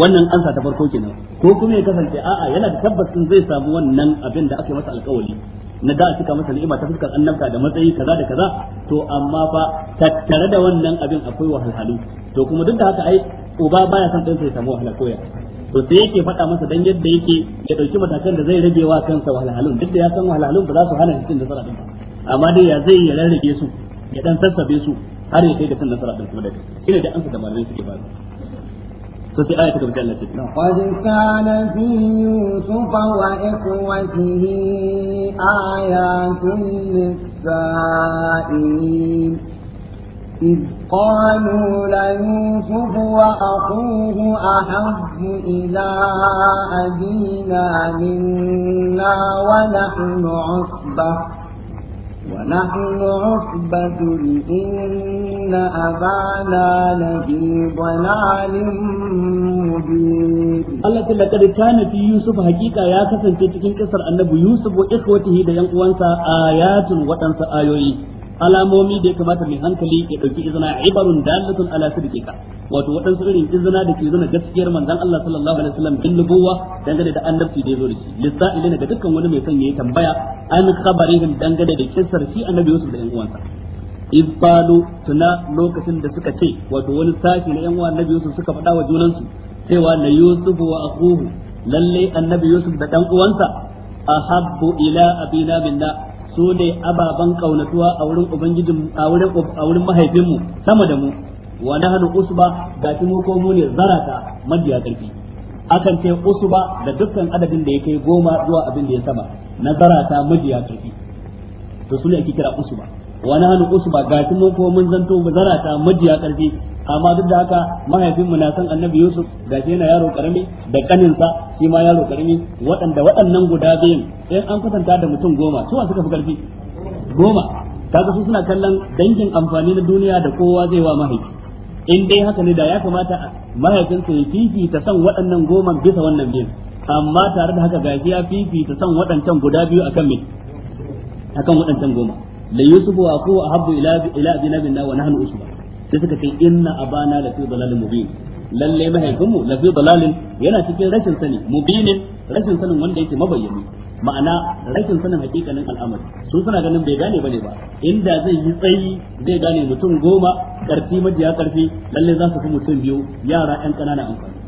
wannan ansa ta farko kenan ko kuma ya kasance a'a yana da tabbacin zai samu wannan abin da aka yi masa alkawali na da suka masa ni'ima ta fuskar annabta da matsayi kaza da kaza to amma fa tattare da wannan abin akwai wahalhalu to kuma duk da haka ai uba baya son ɗansa ya samu wahala koya to sai yake faɗa masa dan yadda yake ya ɗauki matakan da zai rage wa kansa wahalhalun duk da ya san wahalhalun ba za su hana cikin nasara din amma dai ya zai ya rarrage su ya dan sassabe su har ya kai ga cin nasara din kuma da shine da ansa da malamai suke ba فسي آية كم لقد كان في يوسف وإخوته آيات للسائلين إذ قالوا ليوسف وأخوه أحب إلى أبينا منا ونحن عصبة ونحن عصبة إن أبانا لفي ضلال مبين Allah ta lakar tana fi Yusuf haƙiƙa ya kasance cikin kasar annabi Yusuf wa ikhwatihi da yan uwansa a ayatun waɗansa ayoyi. alamomi da ya kamata mai hankali ya dauki izina ibarun dalatun ala sidqika wato waɗansu irin izina da ke zuna gaskiyar manzon Allah sallallahu alaihi wasallam bin nubuwa dangane da annabci da yazo da shi lissa'ilina ga dukkan wani mai son yayi tambaya an khabarihim dangane da kissar shi annabi Yusuf da ƴan uwansa izbalu tuna lokacin da suka ce wato wani sashi na ƴan uwan annabi Yusuf suka faɗa wa junansu cewa na Yusuf wa akhuhu lalle annabi Yusuf da ɗan uwansa ahabbu ila abina minna su ne ababan kaunatuwa a wurin ubangijin a wurin a wurin mahaifinmu sama da mu wa nahnu usba ga mu ko mu ne zarata majiya karfi akan ce usba da dukkan adadin da yake goma zuwa abin da ya sama na zarata majiya karfi to su ne ake kira usba wa nahnu usba ga mu ko mun zanto zarata majiya karfi amma duk da haka mahaifinmu na san annabi yusuf da shi yana yaro karami da kaninsa shi ma yaro karami waɗanda waɗannan guda biyun in an kusanta da mutum goma su suka fi karfi goma kaga su suna kallon dangin amfani na duniya da kowa zai wa mahaifi in dai haka ne da ya kamata mahaifinsa ya fifita san waɗannan goma bisa wannan biyun amma tare da haka gashi ya fifita san waɗancan guda biyu akan me akan waɗancan goma la yusufu wa aqu ahabbu ila ila abina minna wa nahnu usba sai suka ce inna abana la fi dalalin mubin lalle mahaifinmu la fi dalalin yana cikin rashin sani mubinin rashin sanin wanda yake mabayyani ma'ana rashin sanin hakikanin al'amari su suna ganin bai gane bane ba inda zai yi tsayi zai gane mutum goma karfi majiya karfi lalle za su fi mutum biyu yara yan kanana amfani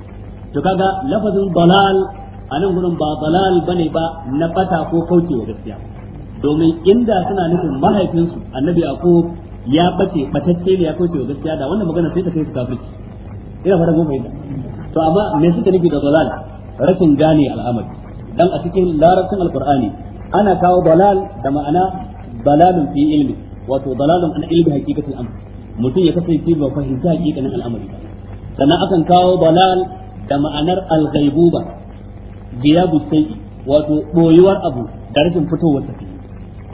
to kaga lafazin dalal anan nan gurin ba dalal bane ba na bata ko kaucewa gaskiya domin inda suna nufin mahaifinsu annabi ko. ya bace batacce ne ya kauce wa gaskiya da wannan magana sai ta kai su kafirci ina fara goma yadda to amma me suka nufi da dalal rashin gane al'amari dan a cikin larabcin alqur'ani ana kawo dalal da ma'ana dalalun fi ilmi wato dalalun an ilmi hakikatin amr mutum ya kasance ba fahimta hakikanin al'amari ba sannan akan kawo dalal da ma'anar al-ghaibuba giyabu sai wato boyuwar abu da rashin fitowar sa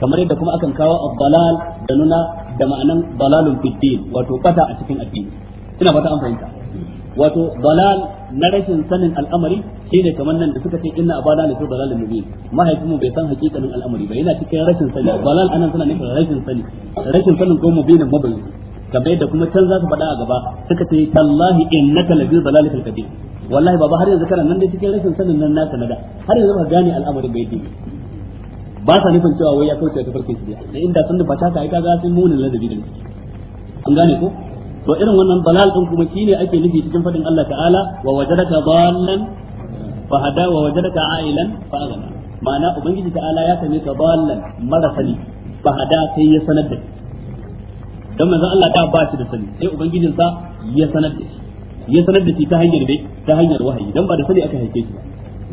kamar yadda kuma akan kawo abdalal da nuna da ma'anan dalalun fiddin wato bata a cikin addini ina fata an fahimta wato dalal na rashin sanin al'amari shine kamar nan da suka ce inna abana la dalalun mubin mahaifinmu bai san hakikanin al'amari ba yana cikin rashin sani dalal anan suna nufin rashin sani rashin sanin ko mubinin mabayin kamar da kuma can za su faɗa a gaba suka ce tallahi innaka labi dalalikal kadir wallahi baba har yanzu kana nan da cikin rashin sanin nan naka nada har yanzu ba gane al'amari bai dinka ba sa nufin cewa wai ya kauce ta farkin shari'a da inda sun ba ta kai ga sun munin ladabi da shi an gane ko to irin wannan balal din kuma shine ake nufi cikin fadin Allah ta'ala wa wajadaka dallan fa hada wa wajadaka ailan fa agana ma'ana ubangiji ta'ala ya same ka dallan mara sani fa hada sai ya sanar da dan manzo Allah da ba shi da sani sai ubangijinsa ya sanar da shi ya sanar da shi ta hanyar dai ta hanyar wahayi dan ba da sani aka haike shi ba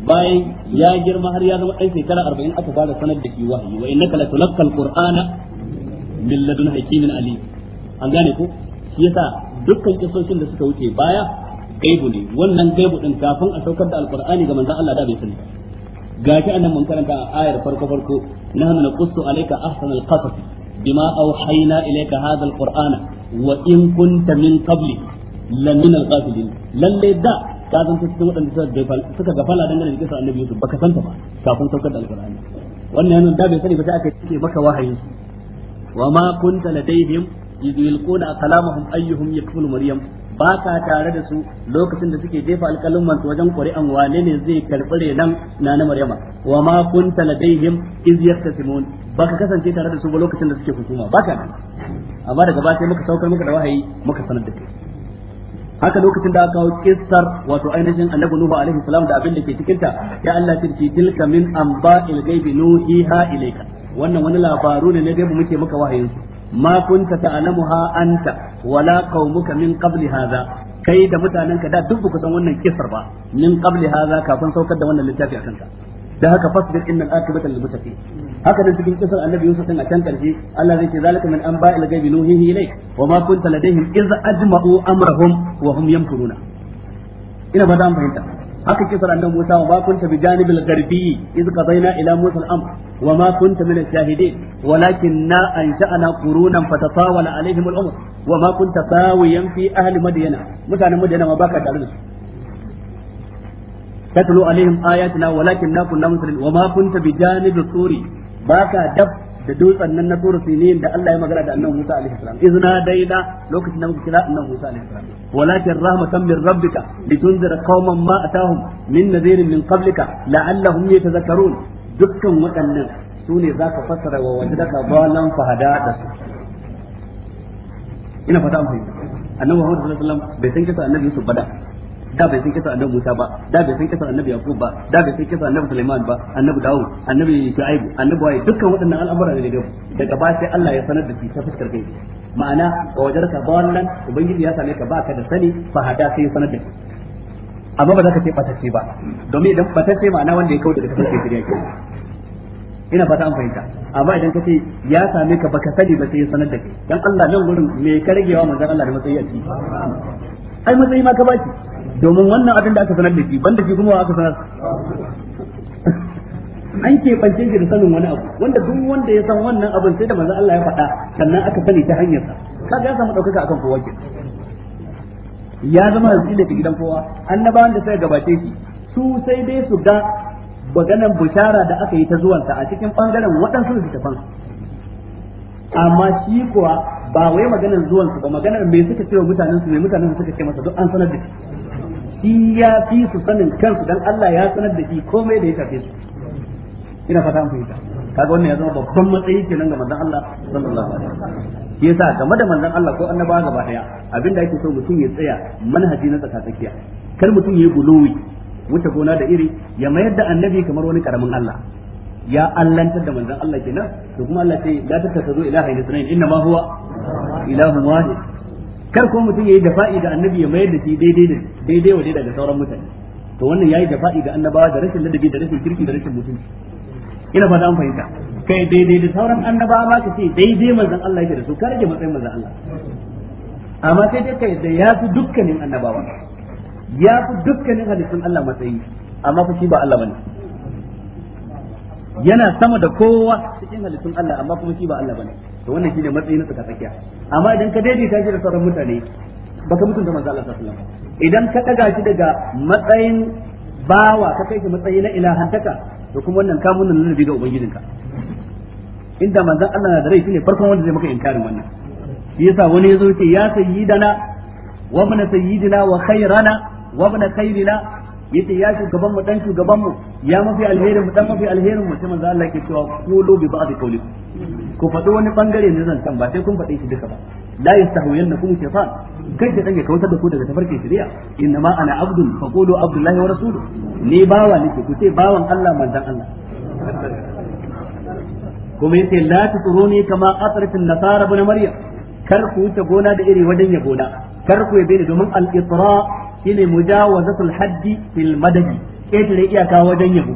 bayan ya girma har ya zama ɗan shekara arba'in aka fara sanar da shi wahayi wa innaka la tulqa alqur'ana min ladun hakimin ali an gane ko shi yasa dukkan kisoshin da suka wuce baya gaibu ne wannan gaibu din kafin a saukar da alqur'ani ga manzon Allah da bai sani gashi anan mun karanta a ayar farko farko nahnu naqussu alayka ahsanal qasas bima awhayna ilayka hadha alqur'ana wa in kunta min qabli lamin alghafilin lalle da ka zanto cikin waɗanda suka gafala dangane da kisan annabi Yusuf baka santa ba kafin saukar da al'ƙur'ani wannan yana da bai sani ba sai aka yi maka wahayi su wa ma kunta ladaihim idh yulquna kalamahum ayyuhum yakfulu maryam ba ka tare da su lokacin da suke jefa alƙalin masu wajen ƙuri'an wane ne zai karɓi nan na na Maryama wa ma kunta ladaihim iz yaktasimun ba ka kasance tare da su ba lokacin da suke hukuma ba ka amma daga baya sai muka saukar muka da wahayi muka sanar da kai haka lokacin da aka kawo kissar wato ainihin annabi nuhu alaihi salam da abin da ke cikin ta ya Allah tilki tilka min amba'il ghaibi nuhiha ilayka wannan wani labaru ne na gaibu muke maka wahayin su ma kunta ta'lamuha anta wala qaumuka min qabli hadha kai da ka da duk ku san wannan kissar ba min qabli hadha kafin saukar da wannan littafi akan ka da haka fasbir innal akibata lil muttaqin haka nan cikin kisar annabi Yusuf din a can karshe Allah zai ce zalika min anba'il ghaibi nuhihi ilayk wa ma kunta ladaihim iz ajma'u amrahum wa hum yamkuruna ina ba da an fahimta haka kisar annabi Musa wa ma kunta bi janibil gharbi iz qadayna ila Musa al-amr wa ma kunta min ash-shahidin walakinna ansha'na qurunan fatatawala alaihim al-umr wa ma kunta sawiyan fi ahli madyana mutanen madyana ma baka tare da su tatlu alaihim ayatina walakin na kunna muslimin wa ma kunta bijanibi suri baka dab da dutsen nan na turu sinin da Allah ya magana da annabi Musa alaihi salam izna daida lokacin da muka kira annabi Musa alaihi salam walakin rahmatan min rabbika litunzira qauman ma atahum min nadhirin min qablika la'allahum yatazakkarun dukkan waɗannan su ne zaka fassara wa wajadaka balan fahada da su ina fata mu annabi Muhammad bai san kisa annabi Yusuf ba da bai san kisa annabi Musa ba da bai san kisa annabi Yakub ba da bai san kisa annabi Sulaiman ba annabi Dawud annabi Shu'aib annabi Wai dukkan waɗannan al'amura ne da daga ba sai Allah ya sanar da shi ta fuskar kai ma'ana wa wajarka wannan ubangiji ya same ka baka da sani fa hada sai ya sanar da shi amma ba za ka ce ba ce ba domin idan ce ma'ana wanda ya kauce da kasance shirya ke ina fata an fahimta amma idan ka ce ya same ka baka sani ba sai ya sanar da kai dan Allah nan gurin me ka ragewa manzon Allah da matsayi a ciki ai matsayi ma ka baki domin wannan abin da aka sanar da shi banda shi kuma aka sanar an keɓance shi da sanin wani abu wanda duk wanda ya san wannan abin sai da manzo Allah ya faɗa sannan aka sani ta hanyarsa kaga ya samu ɗaukaka akan kowa ke ya zama hantsi da gidan kowa annabawan da sai gabace shi su sai dai su ga maganan bushara da aka yi ta zuwansa a cikin bangaren waɗansu littattafan amma shi kuwa ba wai maganar zuwansu ba maganar me suka ce wa mutanen su me mutanen suka ce masa duk an sanar da shi shi ya fi su sanin kansu dan Allah ya sanar da shi komai da ya tafi su ina fata amfani fahimta kaga wannan ya zama babban matsayi kenan ga manzon Allah sallallahu alaihi wasallam yasa game da manzon Allah ko annabawa gaba daya abinda ake so mutum ya tsaya manhaji na tsakatsakiya kar mutum ya gulowi wuce gona da iri ya mayar da annabi kamar wani karamin Allah ya allantar da manzon Allah kenan to kuma Allah sai ya tattata zo ilaha illa sunan inna ma huwa ilahun wahid kar ko mutum yayi dafa'i ga annabi ya mayar da shi daidai da daidai wa daga sauran mutane to wannan yayi dafa'i ga annabawa da rashin ladabi da rashin kirki da rashin mutunci ina fata an fahimta kai daidai da sauran annabawa ba ka ce daidai manzon Allah yake da su kar ke matsayin manzon Allah amma sai dai kai da ya fi dukkanin annabawa ya fi dukkanin halittun Allah matsayi amma fa shi ba Allah bane yana sama da kowa cikin halittun Allah amma kuma shi ba Allah bane to wannan shine matsayin tsaka tsakiya amma idan ka daidaita shi da sauran mutane baka mutunta manzo Allah sallallahu alaihi wasallam idan ka daga shi daga matsayin bawa ka kai shi matsayi na ilahantaka to kuma wannan ka munna nan ga ubangijinka inda manzo Allah na da rai shine farkon wanda zai maka inkarin wannan shi yasa wani yazo yace ya sayyidana wa mana sayyidina wa khairana wa mana khairina yace ya shugaban mu dan shugaban mu ya mafi alherin mu dan mafi alherin mu sai manzo Allah yake cewa qulu bi ba'd qawli ku faɗi wani bangare ne zan san ba sai kun faɗi shi duka ba la yastahwiyannakum shaytan kai sai ya kautar da ku daga tafarkin shari'a inna ma ana abdun fa qulu abdullahi wa rasuluhu ni bawa nake ku ce bawan Allah manzon Allah kuma yace la tusuruni kama asratin nasara ibn maryam kar ku wuce gona da iri wajen ya gona kar ku yabe ni domin al-itra shine mujawazatul haddi fil madadi ƙetare iyaka wajen yabo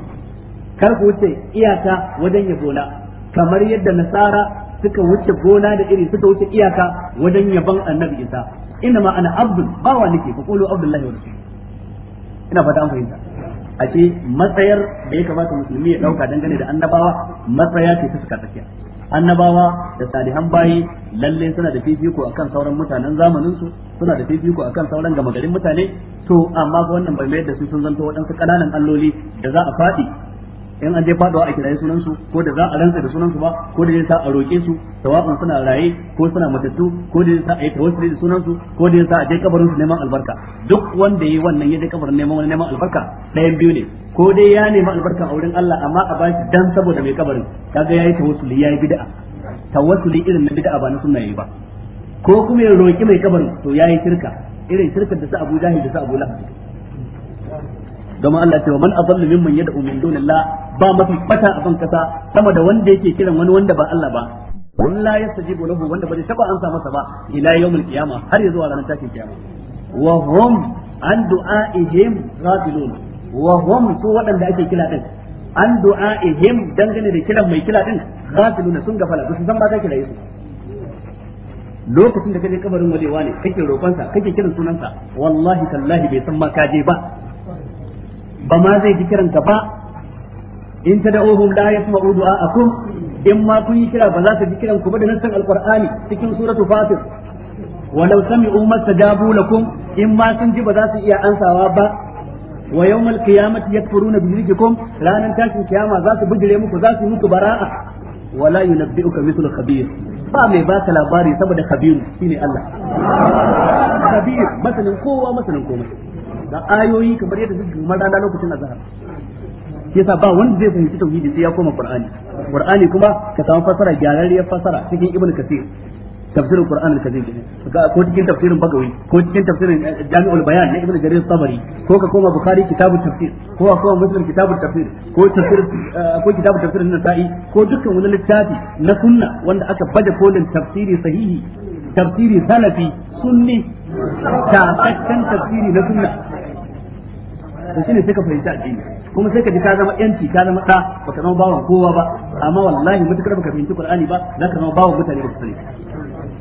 kar ku wuce iyaka wajen yabo na kamar yadda nasara suka wuce gona da iri suka wuce iyaka wajen yaban annabi isa inna ma ana abdul bawa nake ku qulu abdullahi wa ina fata an fahimta a ce matsayar da ya kamata musulmi ya dauka dangane da annabawa matsaya ce ta suka tsakiya annabawa da salihan bayi lalle suna da fifiko akan sauran mutanen zamanin su suna da fifiko akan sauran gama garin mutane to amma ga wannan bai mayar da su sun zanto waɗansu ƙananan alloli da za a faɗi in an je faduwa a kiraye sunan su ko da za a rantsa da sunan su ba ko da yasa a roke su tawafin suna raye ko suna matattu ko da yasa a yi tawassuli da sunan su ko da yasa a je kabarin su neman albarka duk wanda yi wannan ya je kabarin neman wani neman albarka ɗayan biyu ne ko dai ya nemi albarka a wurin Allah amma a ba shi dan saboda mai kabarin kaga yayi tawassuli yayi bid'a tawassuli irin na bid'a ba na sunna yayi ba ko kuma ya roki mai kabarin to yayi shirka irin shirkar da su Abu Jahil da su Abu Lahab domin Allah ce wa man adallu mimman yad'u min dunillah ba mafi bata a ban kasa sama da wanda yake kiran wani wanda ba Allah ba walla yastajibu lahu wanda ba zai taba ansa masa ba ila yawmil qiyamah har ya zuwa ranar takin kiyama wa hum an du'aihim ghafilun wa hum su waɗanda ake kira din an du'aihim dangane da kiran mai kira din ghafiluna sun gafala su san ba ka kira yesu lokacin da kaje kabarin wajewa ne kake roƙonsa kake kiran sunansa wallahi tallahi bai san ma kaje ba ba ma zai ji kiranka ba in ta da'uhum la yasma'u du'a'akum in ma kun yi kira ba za su ji kiran ku ba da nassan alqur'ani cikin suratu fatir walau sami'u mastajabu lakum in ma sun ji ba za su iya ansawa ba wa yawmal qiyamati yakfuruna bi shirkikum ranan tashin kiyama za su bijire muku za su muku bara'a wala yunabbi'uka mithlu khabir ba mai ka labari saboda khabir shine Allah khabir masanin kowa masanin komai ga ayoyi kamar yadda suke kamar rana lokacin azhar yasa ba wanda zai fahimci tauhidi sai ya koma qur'ani qur'ani kuma ka samu fasara gyararriyar fasara cikin ibn kathir tafsirin qur'ani ka zai ga ko cikin tafsirin bagawi ko cikin tafsirin eh, jami'ul bayan na ibn jarir sabari ko ka koma bukhari kitabut tafsir ko ka koma muslim kitabut tafsir ko tafsir eh, ko kitabut tafsir na sa'i ko dukkan wani littafi na sunna wanda aka baje kolin tafsiri sahihi tafsiri salafi sunni ta tafsiri na sunna to shine sai ka fahimci addini kuma sai ka ji ka zama yanci ka zama da baka zama bawan kowa ba amma wallahi mutakar baka fahimci Qur'ani ba zama bawan mutane da sani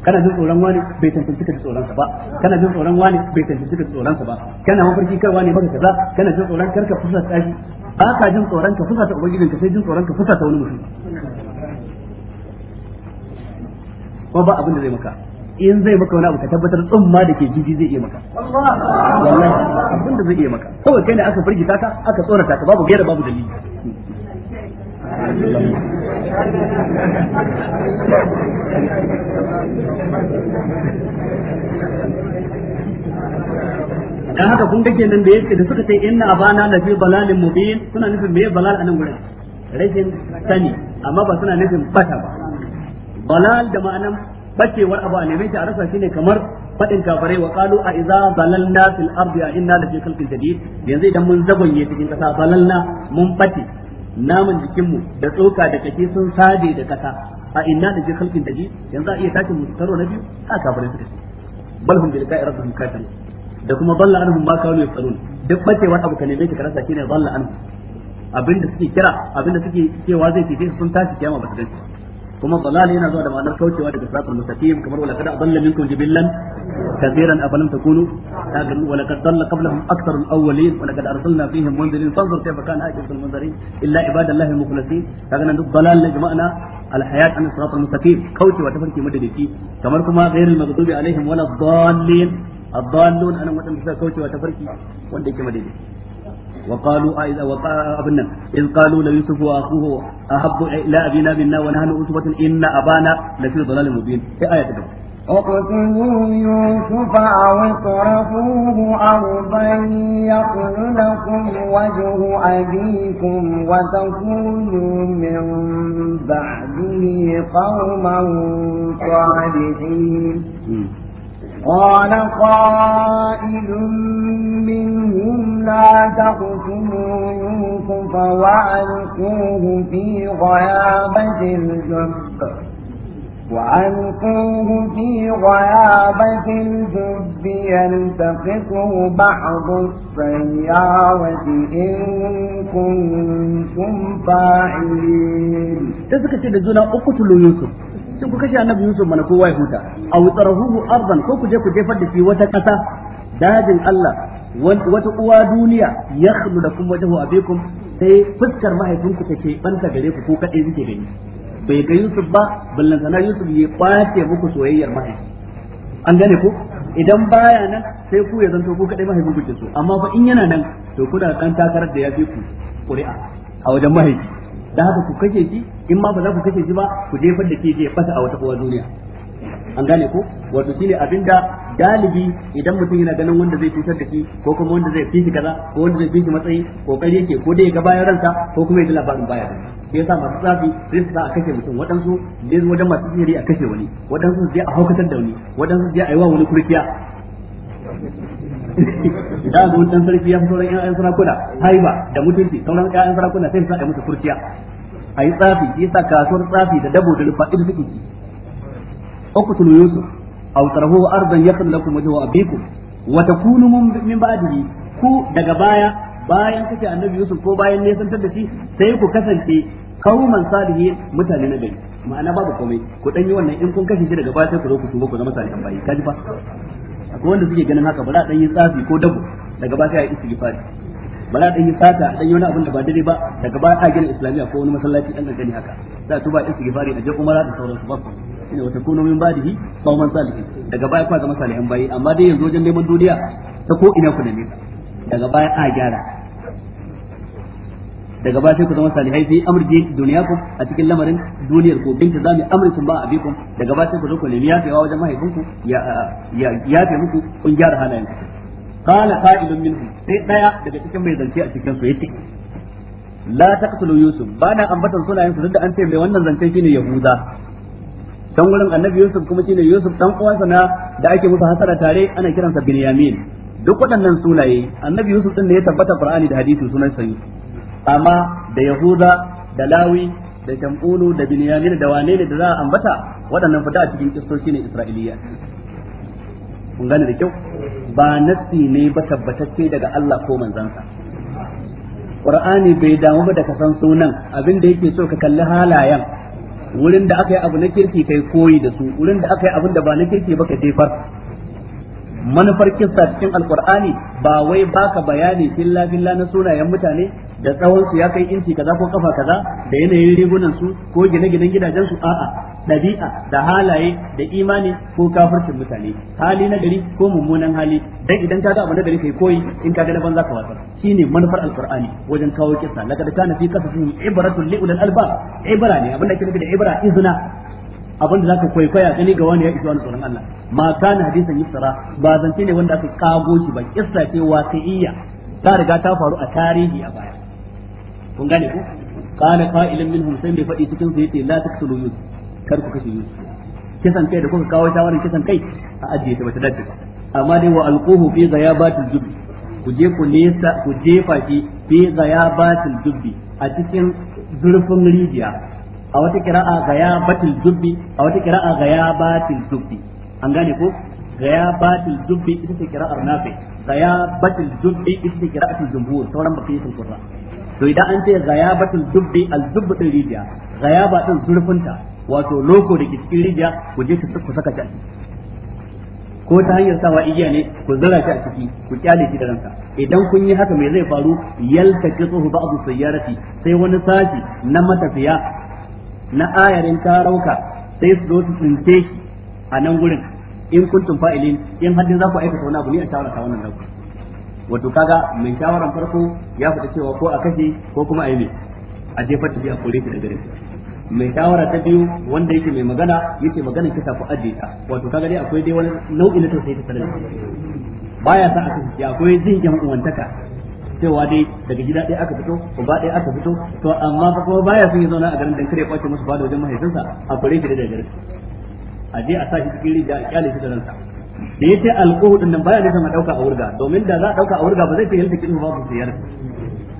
kana jin tsoron wani bai tantance ka tsoron sa ba kana jin tsoron wani bai tantance ka tsoron sa ba kana mafarki kar wani maka kaza kana jin tsoron kar ka fusa ba ka jin tsoron ka fusa ta ubangijin ka sai jin tsoron ka fusa ta wani mutum ko ba abin da zai maka in zai maka wani abu ka tabbatar tsumma da ke jiji zai iya maka wallahi abin da zai iya maka kawai kai ne aka firgita ka aka tsorata ka babu gaira babu dalili dan haka kun gake nan da yake da suka sai inna abana la fi balalin mubin suna nufin me balal anan gurin rashin sani amma ba suna nufin bata ba balal da ma'anan bacewar abu a neman shi a rasa shine kamar faɗin kafare wa qalu a idza dalalna fil ardi a inna la fi khalqin jadid yanzu idan mun zagonye cikin ƙasa dalalna mun bace naman jikinmu da tsoka da kake sun sade da ƙasa a inna da fi khalqin jadid yanzu a iya tashin mu taro na biyu a kafarai suka ce bal hum bi liqa'i rabbihim kafirun da kuma dalla anhum ma kanu yaqulun duk bacewar abu ka neman shi ka rasa shine dalla anhum abinda suke kira abinda suke cewa zai fice sun tashi kiyama ba su dace kuma dalal yana zuwa da ma'anar kaucewa daga siratal mustaqim kamar wala kada adalla minkum jibillan kathiran afalam takunu taqul wala kad dalla qablahum akthar al-awwalin wala kad arsalna fihim munzirin fanzur kayfa kana aqibatul munzirin illa ibadallahi al-mukhlasin kaga nan duk dalal ne jama'ana al-hayat an siratal mustaqim kaucewa ta farki madadaki kamar kuma ghairul maghdubi alaihim wala dallin الضالون انا wadanda suka kaucewa ta farki wanda yake madadi وقالوا اذا وقع ابنا اذ قالوا ليوسف واخوه احب الى ابينا منا ونحن اسوة ان ابانا لفي ضلال مبين في ايه تكفر اقتلوا يوسف أو اطرحوه أرضا يقل لكم وجه أبيكم وتكونوا من بعده قوما صالحين قال قائل منهم لا تقتلوا يوسف وألقوه في غيابة الجب وألقوه في غيابة الجب يلتقطه بعض السيارة إن كنتم فاعلين. تذكر سيدنا اقتلوا يوسف sai ku kashe annabi Yusuf mana kowa ya huta a tarahuhu arzan ko ku je ku jefar da shi wata ƙasa dajin Allah wata uwa duniya ya da kuma wajhu abikum sai fuskar mahaifinku take banta gare ku ko kaɗai suke gani bai ga Yusuf ba sana Yusuf ya kwace muku soyayyar mahaifi an gane ku idan baya nan sai ku ya zanto ku kaɗai mahaifin ke so amma fa in yana nan to kuna kan takarar da ya fi ku ƙuri'a a wajen mahaifi da haka ku kake ki in ma ba za ku kashe shi ba ku jefar da ke je fasa a wata kowa duniya an gane ko wato shine abinda galibi idan mutum yana ganin wanda zai cutar da shi ko kuma wanda zai fishi kaza ko wanda zai fishi matsayi kokari yake ko dai ga bayan ransa ko kuma ya ji labarin baya Ke shi yasa masu tsafi zai sa a kashe mutum waɗansu zai wajen masu tsiri a kashe wani waɗansu zai a haukatar da wani waɗansu zai a yi wa wani kurkiya da ga zo sarki ya fi sauran 'ya'yan sarakuna haiba da mutunci sauran 'ya'yan sarakuna sai su sa a musu kurkiya a yi tsafi shi yasa kasuwar tsafi da dabo da rufa idan suke ci uqtul yusuf aw tarahu ardan yakhlu lakum wajhu abikum wa takunu min ba'dihi ku daga baya bayan kace annabi yusuf ko bayan nesantar da shi sai ku kasance kauman salihin mutane na gari ma'ana babu komai ku dan yi wannan in kun kashe shi daga baya sai ku zo ku tuba ku zama salihan bayi kaji fa akwai wanda suke ganin haka ba za a dan yi tsafi ko dabo daga baya sai a yi istighfari ba za a yi sata a yi wani abin da ba dare ba daga baya a gina islamiyya ko wani masallaci ɗan gani haka za a tuba istighfari a je umara da sauransu ba ina wata kuno min badihi tsawon salihin daga baya kwa zama salihin bayi amma dai yanzu wajen neman duniya ta ko ina ku da nesa daga baya a gyara daga baya sai ku zama salihai sai amrji duniyakum a cikin lamarin duniyar ku binta za mu amrikum ba a abikum daga baya sai ku zo ku nemi yafewa wajen mahaifinku ya ya yafe muku kun gyara halayen ku qala qa'ilun minhum sai daya daga cikin mai zance a cikin su yake la taqtulu yusuf bana ambatan sunayen su duk da an ce mai wannan zance shine yahuda dan gurin annabi yusuf kuma shine yusuf dan uwansa na da ake musu hasara tare ana kiransa binyamin duk waɗannan sunaye annabi yusuf din ne ya tabbata qur'ani da hadisi sunan sa yusuf amma da yahuda da lawi da shamulu da binyamin da wane ne da za a ambata waɗannan fada a cikin kistoci ne isra'iliya kun gane da kyau ba nassi ne ba tabbatacce daga Allah ko manzansa Qur'ani bai damu ba da kasan sunan abin da yake so ka kalli halayen wurin da aka yi abu na kirki kai koyi da su wurin da aka yi abin da ba na kirki ba ka jefar manufar kissa cikin alqur'ani ba wai baka bayani filla filla na sunayen mutane da tsawon su ya kai inci kaza ko kafa kaza da yanayin rigunan su ko gine-ginen gidajen su a'a dabi'a da halaye da imani ko kafircin mutane hali na gari ko mummunan hali dan idan ka ga abu na gari kai koyi in ka ga daban zaka ka watsar shine manufar alqur'ani wajen kawo kissa laqad kana fi qasasihim ibratun li ulil albab ibra ne abin da da ibra izna abin da zaka kwaikwaya gani ga wani ya iso wannan tsoron Allah ma kana hadisan yusra ba zance ne wanda aka kago shi ba kissa ce wasiyya ta riga ta faru a tarihi a baya kun gane ko qala qa'ilun minhum sai mai faɗi cikin su yace la taqtulu yusuf kar ku kashe yusuf kisan kai da kuka kawo shawarar kisan kai a ajiye ta bata dace ba amma dai wa alquhu fi ghayabatil jubbi ku je ku nesa ku jefa shi fi ghayabatil jubbi a cikin zurfin rijiya a wata kira'a ghayabatil jubbi a wata kira'a ghayabatil jubbi an gane ko ghayabatil jubbi ita ce kira'ar nafi ghayabatil jubbi ita ce kira'atul jumhur sauran baqiyatul qurra to idan an ce ghayabatul dubbi al dubbi din rijiya ghayaba din zurfinta wato loko da ke cikin rijiya ku je ku saka ta ko ta hanyar sawa igiya ne ku zara shi a ciki ku kyale shi da ranka idan kun yi haka me zai faru yaltaqituhu ba'du sayyarati sai wani sashi na matafiya na ayarin tarauka sai su zo su tsince shi a nan gurin in kuntum fa'ilin in haddin za ku aikata wani abu ne a shawara ta wannan dauka wato kaga mai shawaran farko ya fita cewa ko a kashe ko kuma a yi a jefar ta a kore ta da gare mai shawara ta biyu wanda yake mai magana yake magana ta tafi ajiye ta wato kaga dai akwai dai wani nau'i na tausayi ta sanar baya sa aka ya akwai zai yan uwantaka cewa dai daga gida ɗaya aka fito uba ɗaya aka fito to amma fa kuma baya son ya zauna a garin dan kare kwace musu ba da wajen mahaifinsa a kore da gare a je a sa shi cikin rijiya a kyale shi da ransa da yake alquhu din nan baya ne sama dauka a wurga domin da za a dauka a wurga ba zai fi yalta kin babu ziyar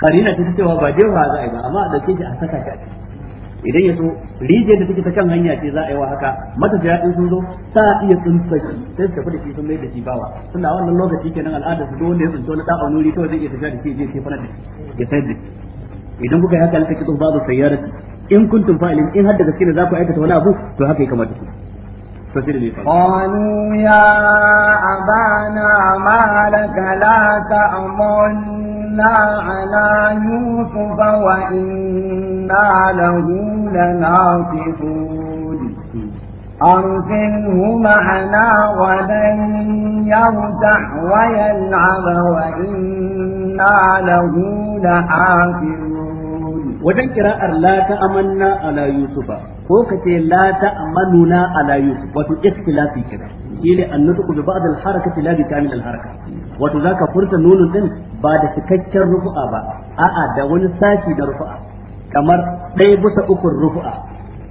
karina ta cewa ba dai wa za a yi ba amma a dauke shi a saka shi a ciki idan ya so rijiyar da take ta kan hanya ce za a yi wa haka matafiya in sun zo ta iya tsunta shi sai su tafi da shi sun mai da shi bawa tunda a wannan lokaci kenan al'adar su dole ya tsunto na da'a wuri kawai zai iya tafiya da shi zai fara da shi. ya sayar da idan kuka yi haka ta kitso babu sayyarati in kuntum fa'ilin in har da gaske ne za ku aikata wani abu to haka ya kamata ku قالوا يا أبانا ما لك لا تأمرنا على يوسف وإنا له لناصحون أرسله معنا ولن يرتح ويلعب وإنا له لحافظون وجن قراءة لا تأمنا على يوسف ko ka ce la ta'maluna ala yusuf wato ikhtilafi kenan shine annutqu bi ba'd al-harakati la bi kamil al-haraka wato zaka furta nunun din ba da cikakken rufu'a ba a'a da wani saki da rufu'a kamar ɗaya bisa uku rufu'a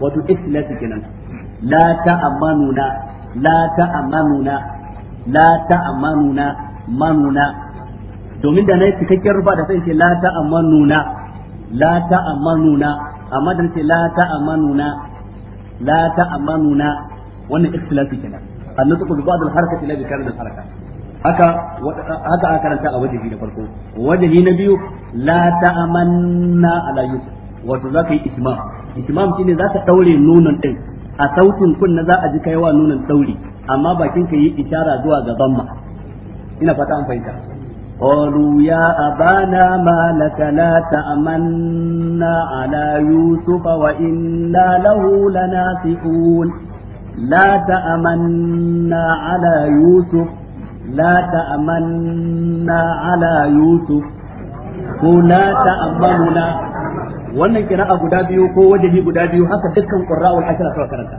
wato ikhtilafi kenan la ta'manuna la ta'manuna la ta'manuna manuna domin da nayi cikakken rufu'a da sai ce la ta'manuna la ta'manuna amma da nace la ta'manuna la ta'amanuna wannan ikhtilafi kenan annasu bi ba'd al-harakati la bi karid al-haraka haka haka aka karanta a wajehi da farko wajehi na biyu la ta'amanna ala yusuf wato zaka yi ismam ismam shine zaka daure nunan a sautin kunna za a ji kaiwa nunan dauri amma bakin ka yi zuwa ga ina fata an fahimta قالوا يا أبانا ما لك لا تأمنا على يوسف وإنا له لناصحون لا تأمنا على يوسف لا تأمنا على يوسف لا تأمنا wannan kira'a guda biyu ko wajahi guda biyu haka dukkan qurra'ul ashara suka karanta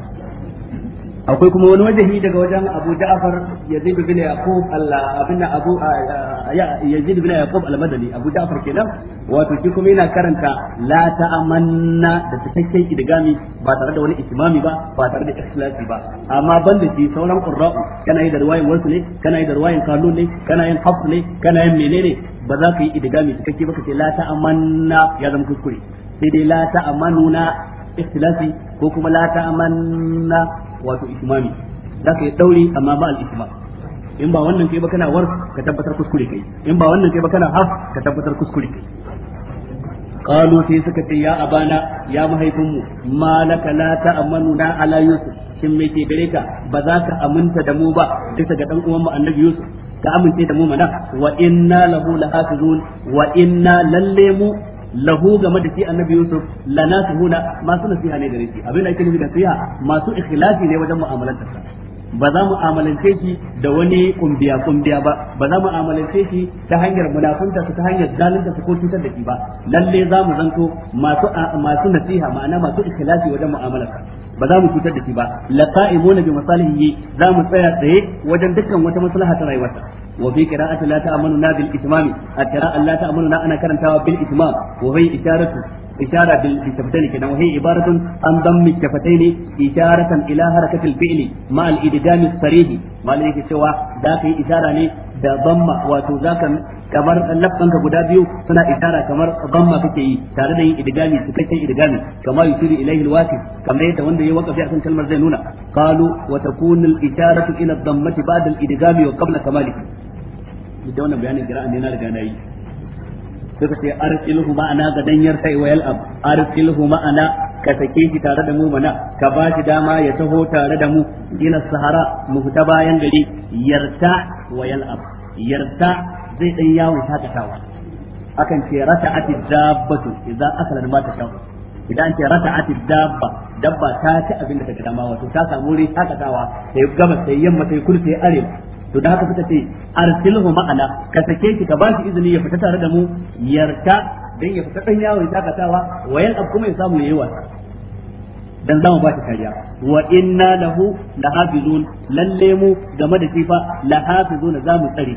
akwai kuma wani wajahi daga wajen Abu Ja'far Yazid bin Yaqub Allah abinda Abu Yazid bin Yaqub al-Madani Abu Ja'far kenan wato shi kuma yana karanta la ta'amanna da cikakken idgami ba tare da wani itimami ba ba tare da ikhlasi ba amma banda shi sauran qurra'u kana yi da riwayan wasu ne kana yi da riwayan kalun ne kana yin hafs ne kana yin menene ba za ka yi idgami cikakke ba ce la ta'amanna ya zama kuskure sai dai la ta'amanuna ikhlasi ko kuma la ta'amanna wato ismami za ka yi dauri amma ba in ba wannan kai ba kana war ka tabbatar kuskure kai in ba wannan kai ba kana haf ka tabbatar kuskure kai sai suka ce ya abana ya mahaifinmu malaka la manuna ala yusuf shin me ke gare ka ba za ka aminta da mu ba bisa ga dan uwan mu annabi yusuf ka amince da mu mana wa inna lahu lahafizun wa inna lalle mu lahu game da shi annabi yusuf lana suhuna masu nasiha ne gare shi abin da ake nufi da nasiha masu ikhlasi ne wajen mu'amalantar sa ba za mu amalance shi da wani kumbiya kumbiya ba ba za mu amalance shi ta hanyar munafunta ta hanyar zalunta ko cutar da shi ba lalle za mu zanto masu nasiha ma'ana masu ikhlasi wajen mu'amalar ba za mu cutar da shi ba laqa'imuna bi masalihi za mu tsaya tsaye wajen dukkan wata maslaha ta rayuwarsa wa fi qira'ati la ta'amanu na bil itmami a qira'a la ta'amanu na ana karantawa bil itmam wa ita isharatu إشارة بالشفتين كده وهي عبارة عن ضم الشفتين إشارة إلى حركة الفعل مع الإدغام الصريح ما لديك سوى ذاك إشارة لي da bamma wato zaka kamar lafsanka guda biyu suna isara kamar bamma kake yi tare da yin idgami cikakken idgami kamar yusiru ilaihi alwaqif kamar yadda wanda ya wakafi akan kalmar zai nuna qalu wa takunu al-isharatu ila ad ba'da wa bayanin qira'a ne na riga na yi suka ce arsilhu ma'ana ga danyar sai wa yal'ab arsilhu ma'ana ka sake shi tare da mu mana ka ba shi dama ya taho tare da mu ila sahara mu fita bayan gari yarta wa yal'ab yarta zai dan yawon shakatawa akan ce rata'ati dabbatu idan akalan ma ta shawo idan ce rata'ati dabba dabba ta ci abin da ta ga dama wato ta samu ri shakatawa sai gaba sai yamma sai kudu sai arewa to da haka suka ce arsilhu ma'ana ka sake shi ka bashi izini ya fita tare da mu yarta dan ya fita dan yawo ya takatawa wayan abu kuma ya samu yayi dan zamu ba shi kariya wa inna lahu lahafizun lalle mu game da sifa lahafizun zamu tsare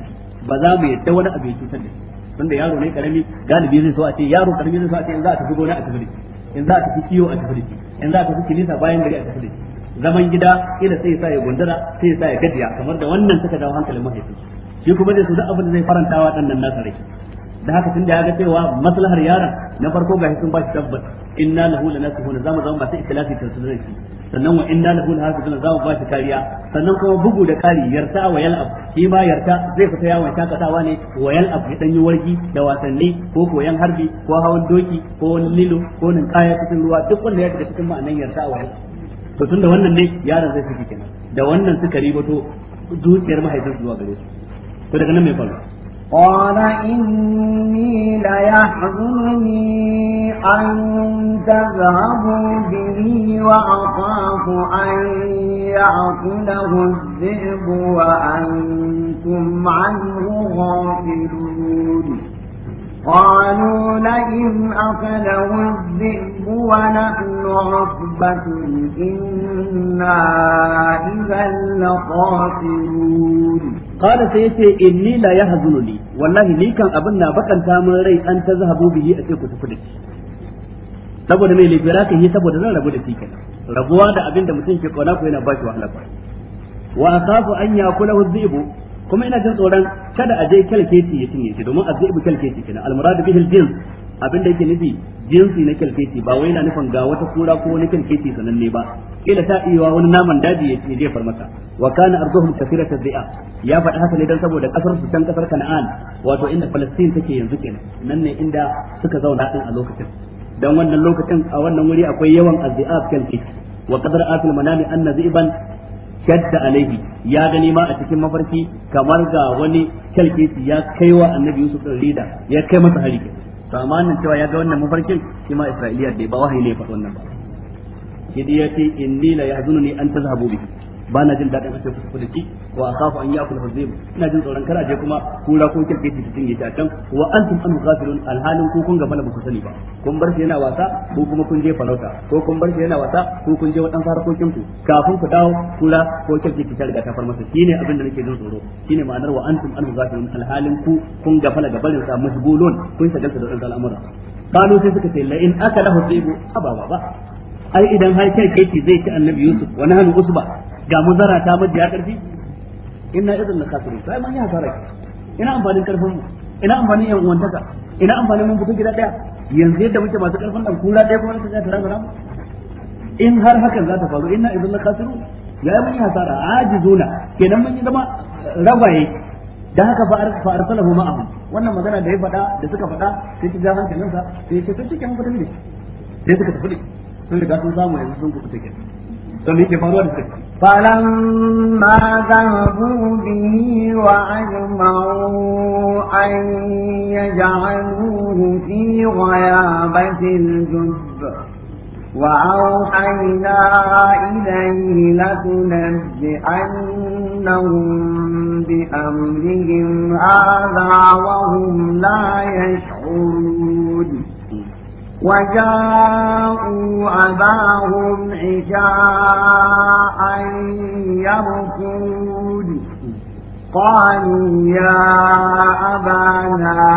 ba za mu yadda wani abu ya cutar da shi tunda yaro ne karami galibi zai so a ce yaro karami zai so a ce in za a tafi gona a tafi in za a tafi kiyo a tafi in za a tafi kilisa bayan gari a tafi zaman gida kila sai sa ya gundura sai sa ya gadiya kamar da wannan suka dawo hankalin mahaifi shi kuma zai so abin da zai faranta wa dan nan nasa rai da haka tunda ya ga cewa maslahar yaron na farko ga sun ba shi tabbat inna lahu lanasihuna zamu zama masu ikhlasi su shi sannan wa inna lahu lahafizuna zamu ba shi kariya sannan kuma bugu da kari yarta wa yal'ab shi ma yarta zai fita yawon shakatawa ne wa yal'ab ya danyi wargi da wasanni ko koyan harbi ko hawan doki ko lilo ko ninkaya cikin ruwa duk wanda ya shiga cikin ma'anan yarta wa yal'ab to da wannan ne yaron zai fi kenan da wannan suka to zuciyar mahaifinsu zuwa gare su to daga nan mai faru قال إني ليحزنني أن تذهبوا به وأخاف أن يأكله الذئب وأنتم عنه غافلون قالوا لئن أكله الذئب ونحن عصبة إنا إذا لخاسرون قال سيتي إني لا يحزنني والله لي كان أبنا بكن تامن ري أن تذهبوا به أتيكم تفلك saboda mai lafiyar kan yi saboda zan rabu da shi kenan rabuwa da abin da mutum ke kona ko yana bashi wahala kwai wa akafu an yakulahu dhibu kuma ina jin tsoron kada a je kalkeci ya cinye shi domin azzibu kalkeci kenan almuradu bihil jins abin da yake nufi jinsi na kalkeci ba wai na nufin ga wata kura ko wani kalkeci sananne ba kila ta iya wani naman daji ya je far masa wa kana arduhum kathirat dhi'a ya faɗi haka ne dan saboda kasar su can kasar Kana'an wato inda falastin take yanzu kenan nan ne inda suka zauna din a lokacin dan wannan lokacin a wannan wuri akwai yawan azzi'ab kalkeci wa qadar afil manami anna ziban shadda alaihi ya gani ma a cikin mafarki kamar ga wani kyalkeci ya kai wa annabi Yusuf din rida ya kai masa hari to amma nan cewa ya ga wannan mafarkin shi ma Isra'iliya dai ba wahayi ne fa wannan ba shi dai yace inni la yahzununi an tazhabu bihi ba na jin daɗin ake kusa da shi wa akhafu an yakul hazim ina jin tsoron kar je kuma kura ko kirke shi cikin yace can wa an tun an ghafilun alhalin ku kun gaba ba ku sani ba kun bar shi yana wasa ko kuma kun je farauta ko kun bar shi yana wasa ko kun je wadansu harkokin ku kafin ku dawo kura ko kirke ki riga ta far shi ne abin da nake jin tsoro Shi ne ma'anar wa an tun an ghafilun alhalin ku kun gafala ga barin sa mashgulun kun shagalta da wadansu al'amura kanu sai suka ce la in aka lahu zibu ababa ba ai idan har kai kai zai ci annabi yusuf wa nahnu usba ga mu zara ta mu ya karfi inna idan na kasuri sai mun yi hasara ina amfanin karfin mu ina amfanin yan taka ina amfanin mun fito gida daya yanzu yadda muke masu karfin dan kura daya kuma ta tara mana in har hakan za ta faru inna idan na kasuri ya mun yi hasara ajizuna kenan mun yi zama rabaye dan haka fa arfa arsalahu ma'ahum wannan magana da ya faɗa da suka faɗa sai ki ga hankalin sa sai ki sai kike mun fada ne sai suka tafi sun riga sun samu yanzu sun kuɓuta kenan to me yake faruwa da suka فلما ذهبوا به وأجمعوا أن يجعلوه في غيابة الجب وأوحينا إليه لتنبئنهم بأمرهم هذا وهم لا يشعرون وجاءوا أباهم عشاء يبكون قالوا يا أبانا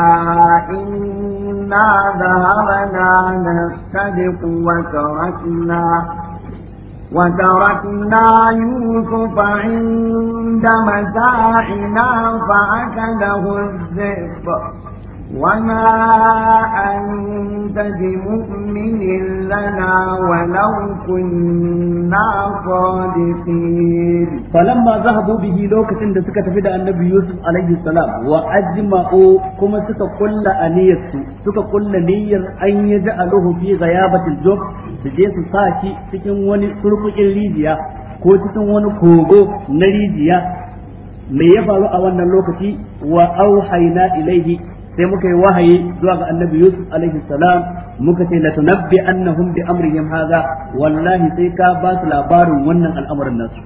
إنا ذهبنا نستبق وتركنا وتركنا يوسف عند متاعنا فأكله الذئب وما أنت بمؤمن لنا ولو كنا صادقين فلما ذهبوا به لوكة عند سكة فدا النبي يوسف عليه السلام وأجمعوا كما ستقل أنيس ستقل نير أن يجعله في غيابة الجب سجيس ساكي سكن وني سرق الليجيا ko cikin wani kogo na rijiya me ya faru a wannan lokaci wa auhayna ilaihi sai muka yi wahayi zuwa ga annabi yusuf alaihi salam muka ce la tunabbi annahum bi amrihim haza wallahi sai ka ba su labarin wannan al'amarin nasu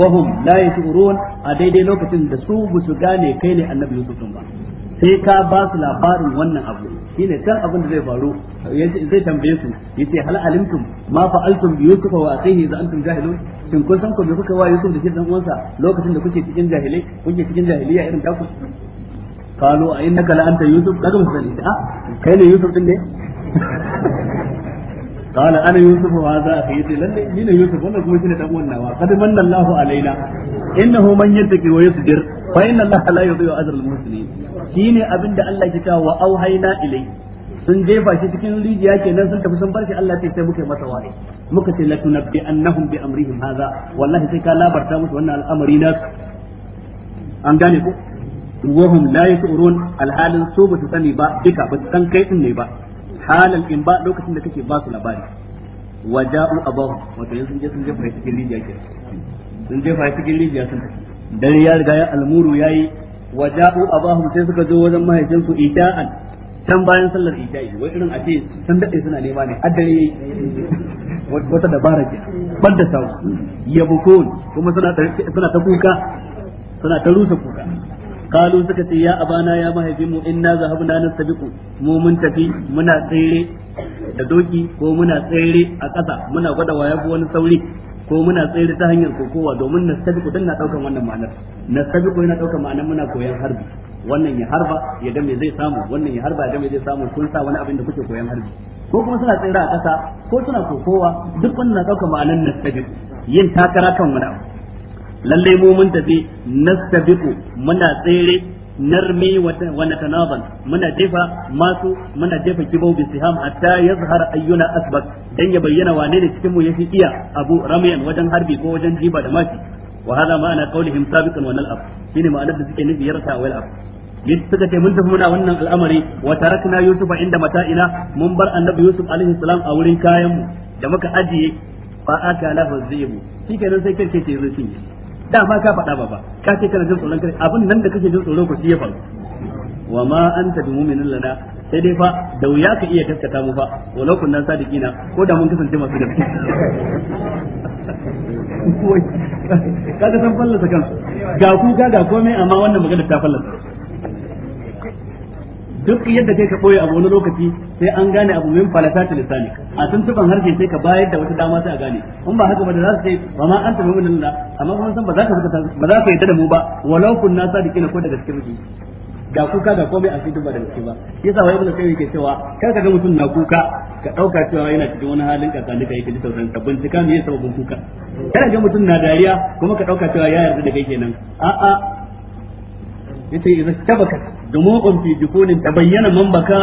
wahum la yashurun a daidai lokacin da su ba su gane kai ne annabi yusuf din ba sai ka ba su labarin wannan abu shine kan abin da zai faru zai tambaye su yace hal alimtum ma fa'altum bi yusuf wa akhihi idza antum jahilun shin kun san ko me kuka wa yusuf da shi dan uwansa lokacin da kuke cikin jahilai kuke cikin jahiliya irin ta ku qalu a innaka la anta yusuf kaga musali a kai ne yusuf din ne ana yusuf wa hadha akhi yace lalle ni ne yusuf wannan kuma shine dan wannan wa qad manna Allahu alaina innahu man yattaqi wa yasbir fa inna Allaha la abinda Allah ya ce wa auhayna ilayhi sun jefa shi cikin rijiya kenan sun tafi sun barke Allah sai sai muka masa wahayi muka ce latunabbi annahum bi amrihim hadha wallahi sai ka labarta musu wannan al'amari na an gane ko wahum la yashurun alhalin su ba su sani ba duka ba su san kai din ne ba halal in ba lokacin da kake ba su labari waja'u abahu wato yanzu sun je ya riga ya almuru yayi waja'u abahum sai suka zo wajen mahaifinsu ita'an can bayan sallar isha'i wai irin a ce sun daɗe suna nema ne adare wata dabara ke ban da sau yabukun kuma suna ta kuka suna ta rusa kuka kalu suka ce ya abana ya mahaifin mu inna zahabna nastabiqu mu mun tafi muna tsere da doki ko muna tsere a ƙasa muna gwada waya ko wani sauri ko muna tsere ta hanyar kokowa domin nastabiqu din na ɗaukan wannan ma'anar nastabiqu yana daukan ma'anar muna koyan harbi wannan ya harba ya ga me zai samu wannan ya harba ya ga me zai samu kun sa wani abin da kuke koyan harbi ko kuma suna tsere a ƙasa ko suna kokowa duk wannan na daukan ma'anar nastabiqu yin takara kan wani abu Lallai mu mun tafi nastabiqu muna tsere narmi wa natanabal muna jefa masu muna jefa kibau bi siham hatta yazhar ayyuna asbak dan ya bayyana wane ne cikin mu yafi iya abu ramyan wajen harbi ko wajen jiba da mashi wa hada ma'ana qaulihim sabiqan wa nal'ab shine ma'anar da suke nufi yarsa wa yal'ab suka ce mun tafi muna wannan al'amari wa tarakna yusufa inda mata'ina mun bar annabi yusuf alaihi salam a wurin kayan mu da muka ajiye fa aka lahu zibu shikenan sai kirke ce zuci da ma ka faɗa ba ka ce kana jin tsoron kai abin nan da kake jin tsoro ko shi ya faru wa ma anta bi mu'minin lana sai dai fa da wuya ka iya gaskata mu fa walau kunna sadiqina ko da mun kasance masu gaskiya kaga san fallasa kansu ga ku ga komai amma wannan magana ta fallasa duk yadda kai ka boye abu wani lokaci sai an gane abu min falasati lisani a tuntuban harshe sai ka bayar da wata dama sai a gane in ba haka ba da za su sai ba ma an tafi mun Allah amma kuma san ba za ka ba za ka yadda da mu ba walau kunna sadiqin ko da gaske muke ga kuka ga komai a cikin ba da gaske ba yasa wai ibnu kayyim yake cewa kar ka ga mutum na kuka ka dauka cewa yana cikin wani halin ka yi kai ka ji tausayin ka bincika me yasa babban kuka kada ga mutum na dariya kuma ka dauka cewa ya yarda da kai kenan a'a yace idan tabaka dumu'un fi jukunin tabayyana man baka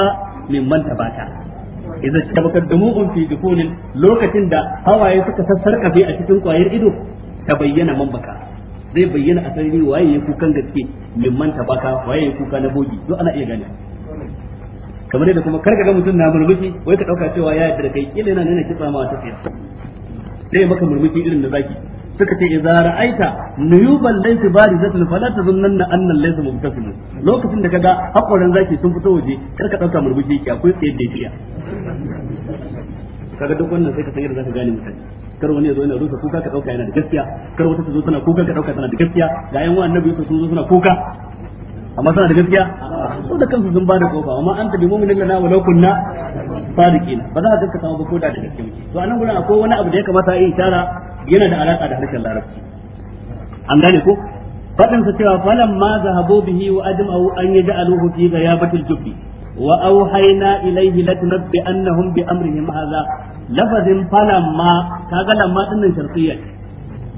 man tabata idan tabakar dumu'un fi jukunin lokacin da hawaye suka bai a cikin kwayar ido tabayyana man baka zai bayyana a sarari waye ya kukan gaske min man tabaka waye ya kuka na bogi duk ana iya gane kamar yadda kuma karka ga mutum na murmushi wai ka dauka cewa ya yarda da kai kila yana nuna kitsa ma ta sai maka murmushi irin da zaki suka ce idza ra'aita nuyuban laysa zatul fala tadhunna anna laysa mubtasim lokacin da kaga hakoran zaki sun fito waje kar ka dauka murmushi ki akwai tsaye da kiya kaga duk wannan sai ka san yadda zaka gane mutane kar wani ya zo yana rusa kuka ka dauka yana da gaskiya kar wata tazo tana kuka ka dauka tana da gaskiya ga yan annabi su sun zo suna kuka amma suna da gaskiya su da kansu sun bada kofa amma an bi mu'minin lana walau kunna sadiqina ba za a gaskata ba ko da da gaske muke to anan gurin akwai wani abu da ya kamata a yi tara yana da alaka da harshen larabci an gane ko fadin sa cewa falan ma zahabu bihi wa ajma'u an yaj'aluhu fi ghayabatil jubbi wa auhayna ilayhi latunabbi annahum bi amrihim hadha lafazin falan ma kaga lamma dinnan shartiyya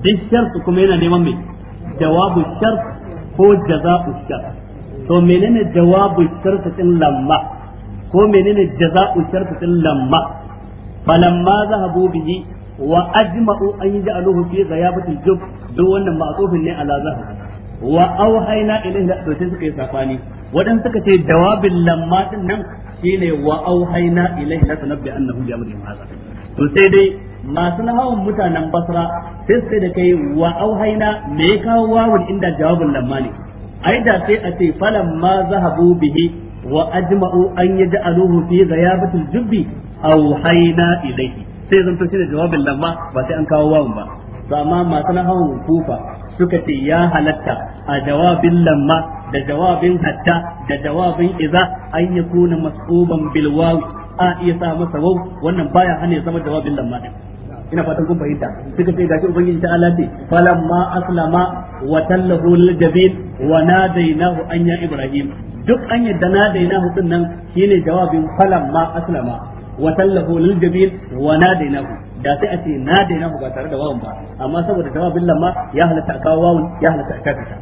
duk shart kuma yana neman me jawabu shart ko jaza'u shart to menene jawabu shart din lamma ko menene jaza'u sharfatin lamma falamma zahabu bihi wa ajma'u an ja'aluhu fi ghayabatil jub duk wannan tsofin ne ala zahabu wa auhayna ilayhi to sai suka yi safani wadan suka ce jawabin lamma din nan shine wa auhayna ilayhi la tanabbi annahu bi amrin hadha to sai dai masu nahawan mutanen basra sai sai da kai wa auhaina me ya kawo wawun inda jawabin lamma ne ai da sai a ce falamma zahabu bihi wa ajma'u an yaj'aluhu fi ghayabatil jubbi awhayna ilayhi sai zan shi da jawabin lamma ba sai an kawo wawan ba to amma masu nahawun kufa suka ce ya halatta a jawabin lamma da jawabin hatta da jawabin iza an yakuna mas'uban bil a iya sa masa wannan baya hana ya zama jawabin lamma din ina fatan kun fahimta suka ce gashi ubangiji ta Allah ce falamma aslama wa tallahu lil jabin wa nadainahu an ya ibrahim duk an yadda nadainahu din nan shine jawabin falamma aslama wa tallahu lil jabin wa nadainahu da sai a ce nadainahu ba tare da wawan ba amma saboda jawabin lamma ya halatta kawo wawun ya halatta a kafita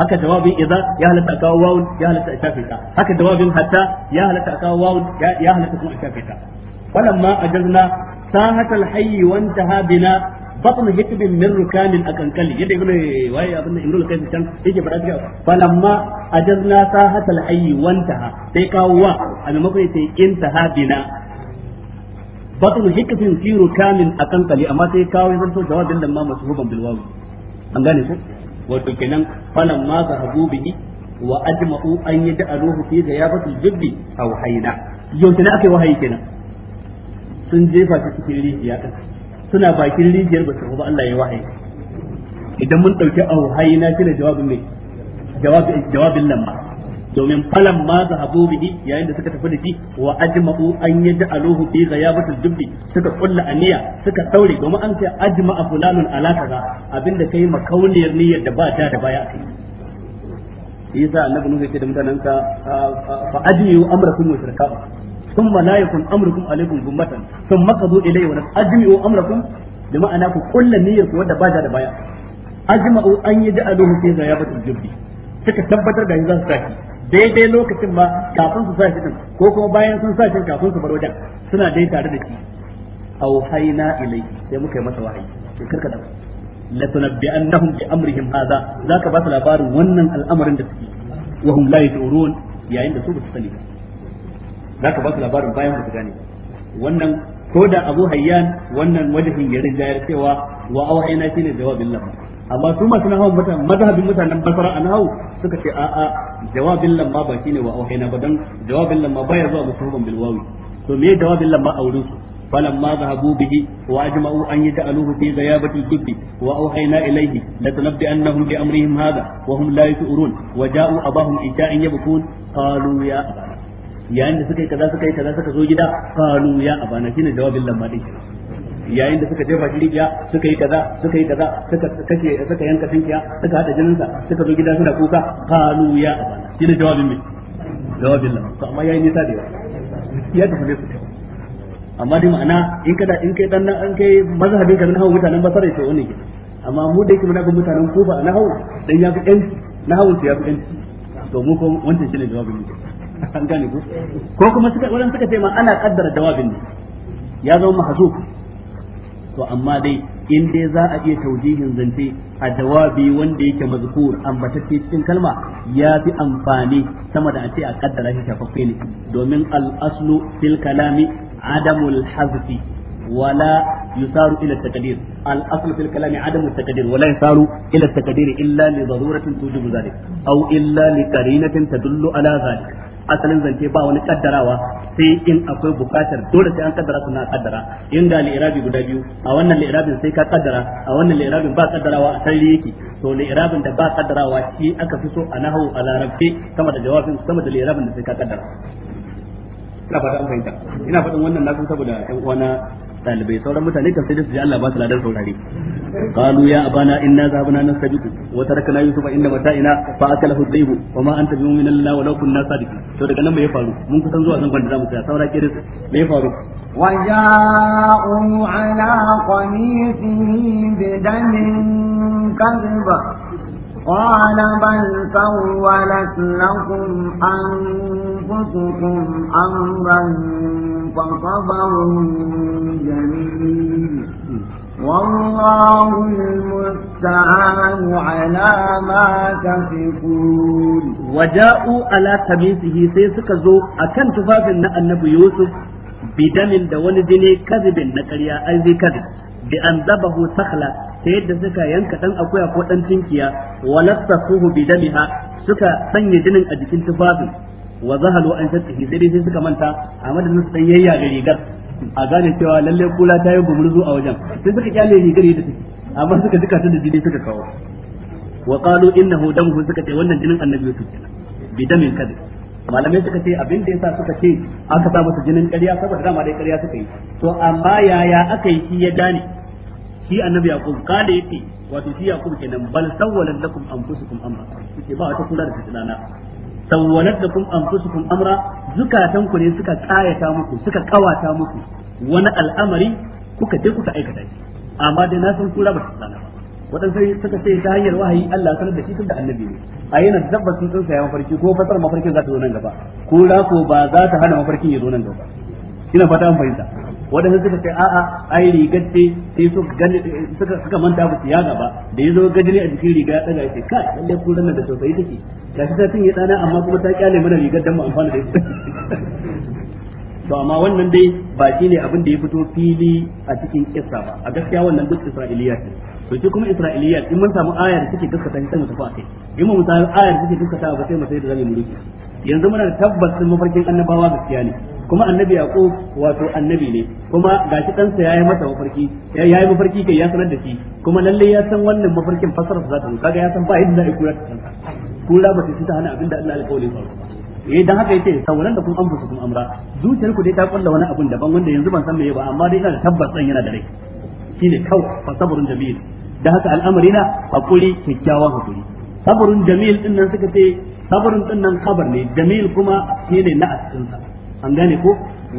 haka jawabin idza ya halatta kawo wawun ya halatta a shafe haka jawabin hatta ya halatta kawo wawun ya halatta kuma a shafe فلما أجزنا ساحة الحي وانتهى بنا بطن هكب من ركان أكنكلي يدي يقول واي أبن إمرو القيس الشام يجي فرات جاو فلما أجزنا ساحة الحي وانتهى تيكا وا أنا مقري انتهى بنا بطن هكب في ركان أكنكلي أما تيكا ويزنتو جواب لما مصحوبا بالواو أنغاني سو wato kenan falan ma zahabu bihi wa ajma'u an yaj'aluhu fi ghayabatil jibbi aw hayna yau tana akai wahayi kenan sun jefa ta cikin rijiya din suna bakin rijiyar ba su ba Allah ya wahayi idan mun dauki auhayina shine jawabin mai jawabin jawabin lamma domin falan ma za a bihi yayin da suka tafi da shi wa ajma'u an yadda aluhu fi ghayabatil dubbi suka kulla aniya suka daure domin an ce ajma'a fulanun ala kaza abinda kai makauniyar niyyar da ba ta da baya kai yasa annabi nuhu ya ce da mutanen ka fa ajiyu amrakum mushrika ثم لا يكن امركم عليكم غمة ثم قضوا الي ولا اجمعوا امركم بمعنى كل نية ودا باجا دا بايا اجمعوا ان يجعلوه في غيابة الجب suka tabbatar da yanzu za su daidai lokacin ma kafin su sashi din ko kuma bayan sun sashi kafin su bar wajen suna dai tare da shi au haina ilai sai muka yi masa wahayi sai karka da la tunabbi'annahum bi amrihim hadha zaka ba su labarin wannan al'amarin da suke wa hum la yashurun yayin da su ba su sani ba Za ka ba su labarin bayan ba su gane wannan ko da Abu Hayyan wannan wajahin ya rinjayar cewa wa awhayna ne jawabin lamma amma su masu nahawan mutane mazhabin mutanen basara a nahawu suka ce a a jawabin lamma ba shine wa awhayna ba don jawabin lamma baya zuwa musu bil wawi to me jawabin lamma a wurin su فلما ذهبوا به واجمعوا ان يجعلوه في غيابه الجب واوحينا اليه لتنبئنهم بامرهم هذا وهم لا يشعرون وجاءوا اباهم عشاء يبكون قالوا يا ابانا yayin da suka yi kaza suka yi kaza suka zo gida qalu ya abana shine jawabin lamma din kenan yayin da suka jefa jirgiya suka yi kaza suka yi kaza suka kace suka yanka tinkiya suka hada jininsa suka zo gida suna kuka qalu ya abana shine jawabin me jawabin lamma to amma yayin nisa da yawa ya tafi ne su amma dai ma'ana in kada in kai dan an kai mazhabin ka na hawo mutanen basara to wannan gida amma mu da yake muna ga mutanen kufa na hawo dan ya fi yanci na hawo ya fi yanci to mu ko wancan shine jawabin mu an gane ko ko kuma suka wannan suka ce ma ana kaddara jawabin ne ya zama mahzuf to amma dai in dai za a iya taujihin zance a jawabi wanda yake mazkur ambatacce cikin kalma ya fi amfani sama da a ce a kaddara shi shafaffe ne domin al-aslu fil kalami adamul hazfi ولا يسار الى التقدير الاصل في الكلام عدم التقدير ولا يسار الى التقدير الا لضروره توجب ذلك او الا لقرينه تدل ala ذلك asalin zance ba wani kaddarawa sai in akwai bukatar dole sai an kaddara suna kaddara in ga li'irabi guda biyu a wannan li'irabin sai ka kaddara a wannan li'irabin ba kaddarawa a sarri yake to li'irabin da ba kaddarawa shi aka fi so a nahawu a larabce sama da jawabin sama da li'irabin da sai ka kaddara ina fahimta ina faɗin wannan na san saboda ƴan uwana dalibai sauran mutane kan sai da su ji Allah ba su ladar saurare qalu ya abana inna zabana nasabitu wa tarakna yusufa inda Ina, fa akala hudaybu wa ma anta bimumin lillahi wa law kunna sadiqin to daga nan me ya faru mun kusan zuwa zan da mu ga saura ke risa me faru wa ja'u ala qamisihi bidamin kadhba قال بل سولت لكم أنفسكم أمرا فصبر جميل والله المستعان على ما تصفون وجاءوا على تميسه سيسك زو أكن تفاف النبي يوسف بدم دون دني كذب نكريا أي كذب bi an dabahu sakhla ta yadda suka yanka dan akuya ko dan tinkiya wa lasafuhu bi damiha suka sanya jinin a jikin tufafin wa zahalu an shatihi sai dai suka manta a madadin su dan yayya ga rigar a gane cewa lalle kula ta yi gumurzu a wajen sai suka kyale rigar da take amma suka duka ta da jini suka kawo wa qalu innahu damuhu suka ce wannan jinin annabi Yusuf bi damin kadi. malamai suka ce abin da yasa suka ce aka sa masa jinin ƙarya saboda dama dai ƙarya suka yi to amma yaya aka yi shi ya gane shi annabi yaqub kale yace wato shi yaqub kenan bal sawwalat lakum anfusukum amra ba kula da sawwalat lakum anfusukum amra zukatan ku ne suka kayata muku suka kawata muku wani al'amari kuka je kuka aikata shi amma dai na san kula ba tunana ba waɗansu suka ce ta hanyar wahayi Allah sanar da shi tun da annabi ne a yana dabba sun tsinsa ya mafarki ko fasar mafarkin za ta zo nan gaba ko ko ba za ta hana mafarkin ya zo nan gaba ina fata an fahimta wadanda suka ce a'a ai rigar ce sai su suka suka manta ba ya gaba da yazo ne a cikin riga ya daga ce kai lalle ku ranar da sosai take ta shi ta ya dana amma kuma ta kyale mana rigar dan mu amfana da ita to amma wannan dai ba shi ne abin da ya fito fili a cikin kissa ba a gaskiya wannan duk isra'iliya ce to shi kuma isra'iliya in mun samu aya da take gaskata sai mu tafi akai in mun samu aya da take gaskata ba sai mu sai da zamu rike yanzu muna da tabbas mafarkin annabawa gaskiya ne kuma annabi yaqub wato annabi ne kuma gashi ɗansa yi masa mafarki ya yi mafarki kai ya sanar da shi kuma lalle ya san wannan mafarkin fasarar za ta zo kaga ya san ba a zai kula ta kula ba ta hana abinda Allah alƙawari ya eh dan haka yace sauran da kun amsa kun amra zuciyar ku dai ta kulla wani abun daban wanda yanzu ban san meye ba amma dai ina da tabbas dan yana da rai shine fa fasabrun jamil da haka al'amari na hakuri kyakkyawan hakuri sabrun jamil din nan suka ce khabarin din nan kabar ne jamil kuma ne na asin sa an gane ko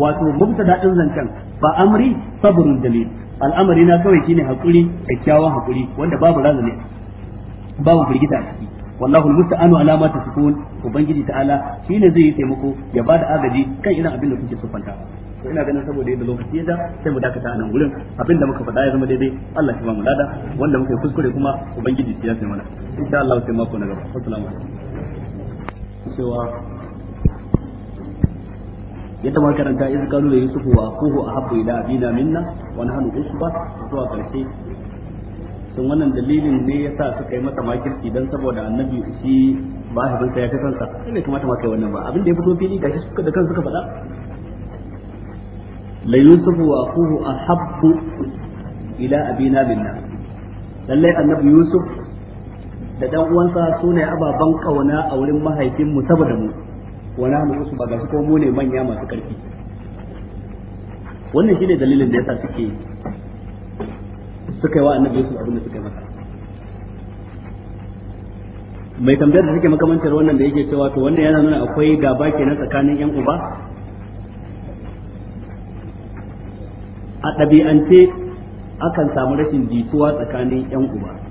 wato mubtada din zancan ba amri sabrun jamil al'amari na kawai shine hakuri kyakkyawan hakuri wanda babu ne babu firgita a ciki wallahu almusta'anu ala ma tasifun ubangiji ta'ala shine zai yi taimako ya bada agaji kan idan abin da kuke sufanta to ina ganin saboda yadda lokaci ya da sai mu dakata a nan gurin abin da muka faɗa ya zama daidai Allah ya ba mu lada wanda muka kuskure kuma ubangiji ya sai mana insha Allah sai mako na gaba assalamu alaikum cewa ya ma karanta iz kalu da yusuf wa kuhu ahabbu ila abina minna wa nahnu usba zuwa karshe sun wannan dalilin ne yasa suka yi masa makirci dan saboda annabi shi ba hafin sa ya kasan sa ne kamata ma kai wannan ba abin da ya fito fili gashi suka da kansu suka faɗa la yusuf wa kuhu ahabbu ila abina minna lallai annabi yusuf da dan uwansa sune ababan kauna a wurin mahaifin mu saboda mu wala mu su ba gashi ko mu ne manya masu karfi wannan shine dalilin da yasa suke suka yi wa annabi su abin da suka yi masa mai tambayar da suke makamantar wannan da yake cewa to wannan yana nuna akwai gaba kenan tsakanin yan uba a ɗabi'ance akan samu rashin jituwa tsakanin yan uba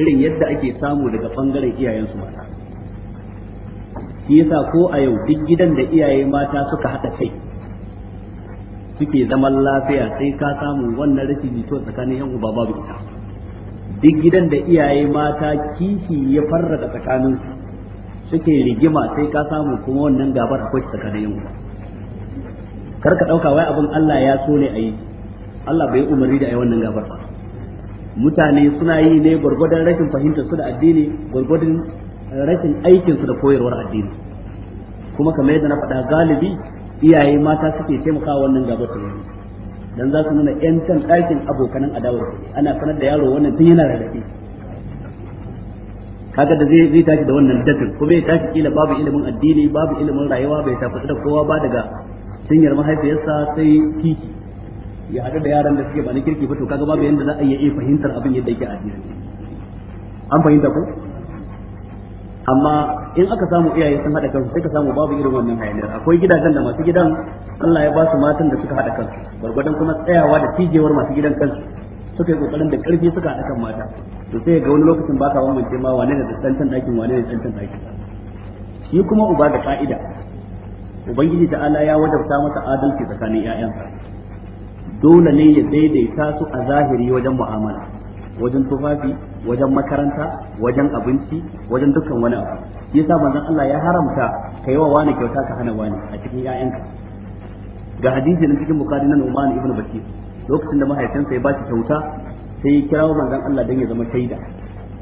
irin yadda ake samu daga bangaren iyayensu mata shi yasa ko a yau duk gidan da iyaye mata suka haɗa kai suke zaman lafiya sai ka samu wannan rashin jituwa tsakanin yan uba babu ita duk gidan da iyaye mata kishi ya da tsakanin suke rigima sai ka samu kuma wannan gabar akwai tsakanin yan uba kar ka ɗauka wai abin Allah ya so ne a yi Allah bai umarni da a yi wannan gabar ba mutane suna yi ne gwargwadon rashin fahimtar su da addini gwargwadon eh, rashin aikin su da koyarwar addini kuma kamar yadda na faɗa galibi iyaye mata suke taimakawa wannan gaba su dan za su nuna yan can ɗakin abokanan adawar ana sanar da yaro wannan tun yana rarrafe kaga da zai zai tashi da wannan dadin ko ya tashi kila babu ilimin addini babu ilimin rayuwa bai tafi da kowa ba daga cinyar mahaifiyarsa sai kiki ya haɗu da yaran da suke ba na kirki ba to kaga babu yanda za a iya fahimtar abin yadda yake a addinance an fahimta ko amma in aka samu iyaye sun haɗa kansu sai ka samu babu irin wannan hayaniyar akwai gidajen da masu gidan Allah ya ba su matan da suka haɗa kansu gwargwadon kuma tsayawa da cijewar masu gidan kansu suka yi kokarin da karfi suka haɗa kan mata to sai ga wani lokacin baka bambance ma wane ne da tsantan ɗakin wane ne tsantan ɗakin shi kuma uba da ka'ida ubangiji ta'ala ya wajabta masa adalci tsakanin ƴaƴansa dole ne ya daidaita su a zahiri wajen mu'amala wajen tufafi wajen makaranta wajen abinci wajen dukkan wani abu shi yasa manzon Allah ya haramta kai wa wani kyauta ka hana wani a cikin ƴaƴanka ga hadisi na cikin bukari na Numan ibn Bakir lokacin da mahaifinsa ya ba shi kyauta sai ya kira manzon Allah dan ya zama shaida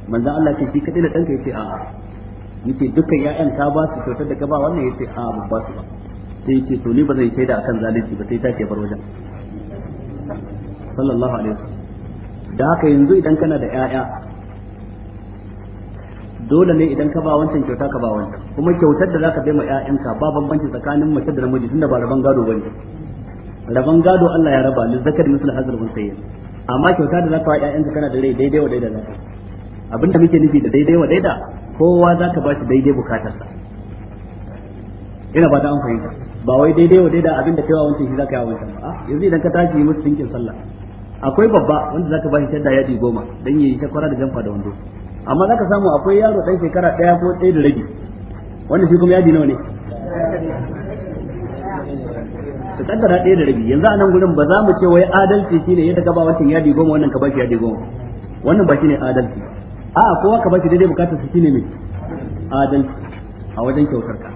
manzon Allah ce shi kadai da danka yace a'a yace dukkan ƴaƴan ka ba su kyautar da ka ba wannan yace a'a ba su ba sai yace to ni ba zan shaida akan zalunci ba sai ta ke bar wajen sallallahu alaihi wasallam da haka yanzu idan kana da ƴaƴa dole ne idan ka ba wancan kyauta ka ba wancan kuma kyautar da zaka bai ma ƴaƴanka ba bambanci tsakanin mace da namiji tunda ba raban gado bane raban gado Allah ya raba lizzakar misal hazar sayyid amma kyauta da zaka ba ƴaƴanka kana da rai daidai wa daidai zaka abinda muke nufi da daidai wa daidai kowa zaka ba shi daidai bukatarsa ina ba ta an fahimta ba wai daidai wa daidai abinda kai wa wancan shi zaka yi wa wancan ba yanzu idan ka tashi musu dinkin sallah akwai babba wanda zaka bashi shadda yadi goma dan yayi shakwara da jamfa da wando amma zaka samu akwai yaro dan shekara daya ko ɗaya da rabi wanda shi kuma yadi nawa ne ka kaddara ɗaya da rabi yanzu a nan gurin ba za mu ce wai adalci shine yadda ka ba wancan yadi goma wannan ka bashi yadi goma wannan ba shine adalci a kowa ka bashi daidai bukatar su shine mai adalci a wajen kyautar ka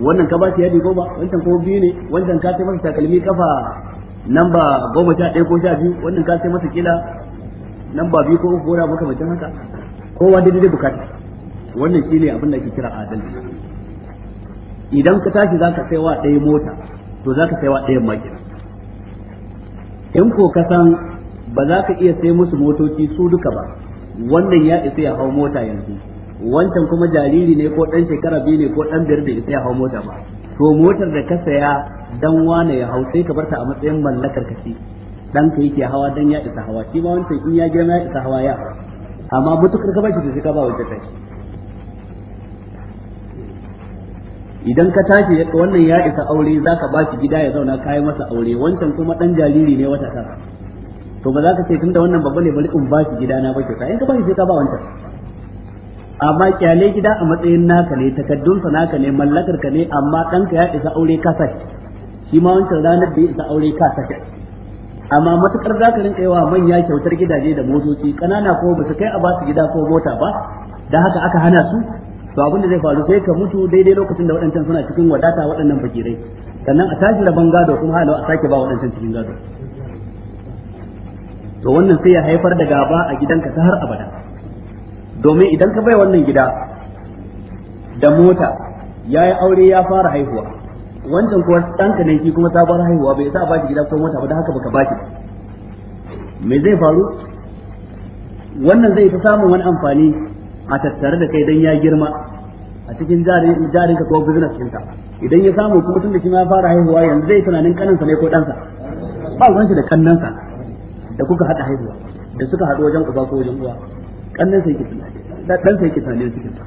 wannan ka bashi yadi goma wancan kuma biyu ne wancan ka taimaka masa takalmi kafa nan ba goma sha ɗaya ko sha biyu wannan ka sai masa kila nan ba biyu ko uku wani makamacin haka kowa daidai dai bukata wannan shi ne abin da ake kira adalci idan ka tashi za ka sai wa ɗaya mota to za ka sai wa ɗayan makin in ko ka san ba za ka iya sai musu motoci su duka ba wannan ya isa ya hau mota yanzu wancan kuma jariri ne ko ɗan shekara biyu ne ko ɗan biyar da isa ya hau mota ba to motar da ka saya dan wane ya hau sai ka barta a matsayin mallakar ka ce dan ka yake hawa dan ya isa hawa shi ma wancan in ya ma ya isa hawa ya amma mutukar ka bashi sai ka ba wancan kai idan ka tashi wannan ya isa aure za ka ba shi gida ya zauna ka yi masa aure wancan kuma dan jariri ne wata tara to ba za ka ce tunda wannan babba ne bari in ba shi gida na ba kyauta in ka ba shi sai ka ba wancan amma kyale gida a matsayin naka ne takaddunsa naka ne mallakar ka ne amma ɗanka ya isa aure ka sake shi ma wancan ranar da ya isa aure ka sake amma matukar za ka rinka yawa manya kyautar gidaje da motoci ƙanana ko ba su kai a ba su gida ko mota ba da haka aka hana su to abin da zai faru sai ka mutu daidai lokacin da waɗancan suna cikin wadata waɗannan fakirai sannan a tashi rabon gado kuma hana a sake ba waɗancan cikin gado to wannan sai ya haifar da gaba a gidanka ta har abada domin idan ka bai wannan gida da mota ya yi aure ya fara haihuwa wancan kuwa ɗanka ne shi kuma sabon haihuwa bai sa ba shi gida ko mota ba da haka baka ba shi ba me zai faru wannan zai ta samun wani amfani a tattare da kai dan ya girma a cikin jarinka ko business ɗinka idan ya samu kuma tun da shi ma fara haihuwa yanzu zai tunanin kaninsa ne ko ɗansa ba ruwan da kannansa da kuka haɗa haihuwa da suka haɗu wajen uba ko wajen uwa kannansa yake tunani dan sai kitane cikin ta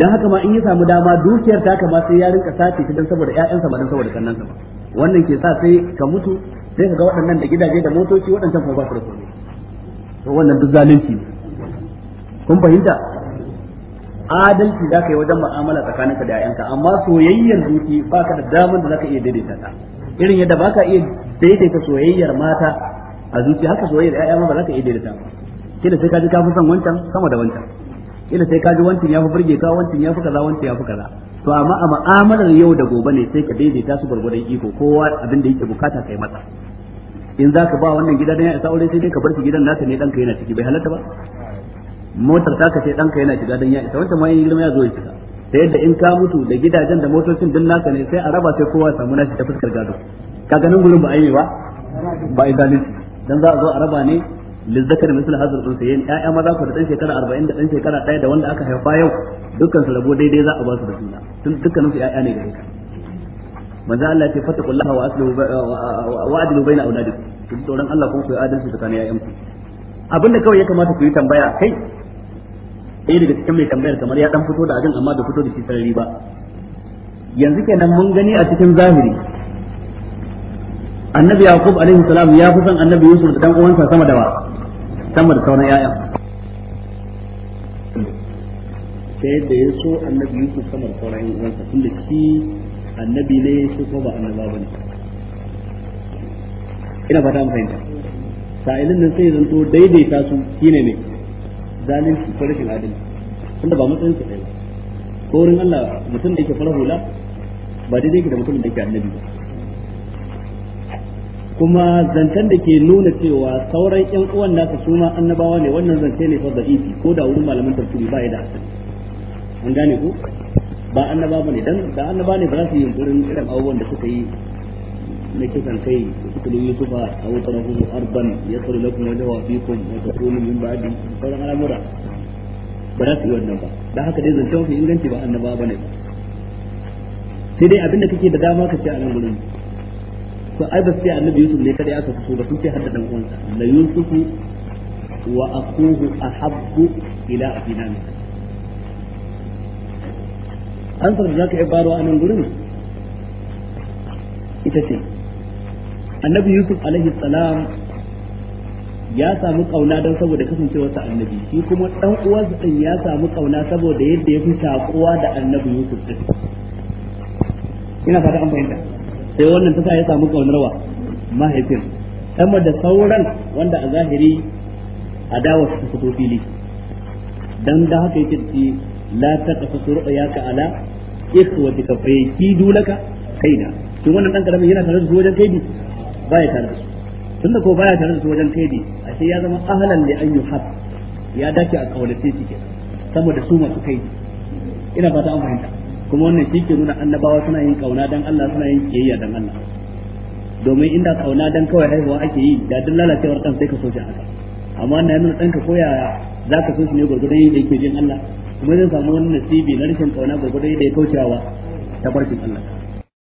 dan haka ma in ya samu dama dukiyar ta kama sai ya rinka sace ta dan saboda ƴaƴansa ba dan saboda kannansa ba wannan ke sa sai ka mutu sai ka ga waɗannan da gidaje da motoci waɗancan kuma ba su da komai to wannan duk zalunci ne kun fahimta adalci za ka yi wajen mu'amala tsakaninka da 'ya'yanka amma soyayyar zuci ba ka da damar da za ka iya daidaita ta irin yadda ba ka iya daidaita soyayyar mata a zuci haka soyayyar 'ya'ya ma ba za ka iya daidaita ba kila sai kaji kafi son wancan sama da wancan kila sai kaji wancan ya fi burge ka wancan ya fi kaza wancan ya fi kaza to amma a mu'amalar yau da gobe ne sai ka daidaita su gurgurdan iko kowa abin da yake bukata kai masa in za ka ba wannan gida dan ya isa aure sai dai ka bar shi gidan naka ne danka yana ciki bai halatta ba motar ta ka sai danka yana shiga dan ya isa wancan ma yin girma ya zo ya shiga ta yadda in ka mutu da gidajen da motocin din naka ne sai a raba sai kowa samu nashi ta fuskar gado ka ganin gurin ba a yi ba ba a zalunci dan za a zo a raba ne lizzakar مثل هذا الانثيين sayi ƴaƴa maza ku da dan shekara 40 da شيكرا shekara 1 da wanda aka haifa yau dukkan su rabo daidai za a ba su da suna tun dukkan su ƴaƴa ne gare ka manzo Allah ya ce fattaqullaha wa aslu wa adlu baina auladik kun tsoron Allah kun ku yi adalci tsakanin ku abinda kawai ya kamata ku yi tambaya kai eh daga cikin mai tambayar kamar ya dan fito da ajin amma da fito da shi sarari ba yanzu kenan mun gani a cikin zahiri annabi yaqub alaihi salam ya fi son annabi yusuf da dan uwansa sama da wa sama da sauran ƴaƴan ta yadda ya so annabi Yusuf sama da sauran ƴaƴan tun da shi annabi ne shi ko ba annaba ne ina fata mu fahimta sa'ilin nan sai zanto daidaita su shine ne zalunci ko rashin adalci tunda ba matsayin su ɗaya ba ko wurin Allah mutum da yake fara hula ba daidai ke da mutum da yake annabi ba kuma zancen da ke nuna cewa sauran yan uwan naka su ma annabawa ne wannan zance ne fa da'ifi ko da wurin malaman tafsiri ba ya da hasan an gane ku ba annaba ba ne dan da annaba ne ba za su yi yunkurin irin abubuwan da suka yi na kisan kai kulu yusufa aw tarahu arban yasru lakum wa dawa fikum wa takunu min ba'di sauran al'amura ba za su yi wannan ba dan haka dai zancen ku inganci ba annaba ba ne sai dai abinda kake da dama ka ce a nan gurin to ai ba sai annabi yusuf ne kada ya aka fito ba sun ce hadda dan uwansa la yusufu wa akuhu ahabbu ila abina an san da yi baro a nan gurin ita ce annabi yusuf alaihi salam ya samu kauna dan saboda sa annabi shi kuma dan uwansa din ya samu kauna saboda yadda ya fi shakuwa da annabi yusuf ina fata an fahimta sai wannan ta sa ya samu wa mahaifin amma da sauran wanda a zahiri adawa su fito fili dan da haka yake ci la ya ka ala ikhwatika fa ka kai kaida shi wannan dan karamin yana tare da su wajen kaidi baya tare da su tunda ko baya tare da su wajen kaidi ashe ya zama ahlan li an yuhab ya dace a kaulace shi kenan saboda su masu kaidi ina fata an fahimta kuma wannan shi ke nuna annabawa suna yin kauna dan Allah suna yin kiyayya dan Allah domin inda kauna dan kawai haihuwa ake yi da duk lalacewar kan sai ka so shi haka amma wannan yana dan ko yaya za ka so shi ne yin da yake jin Allah kuma zai samu wani nasibi na rashin kauna gurgurdan da ya kaucewa ta barkin Allah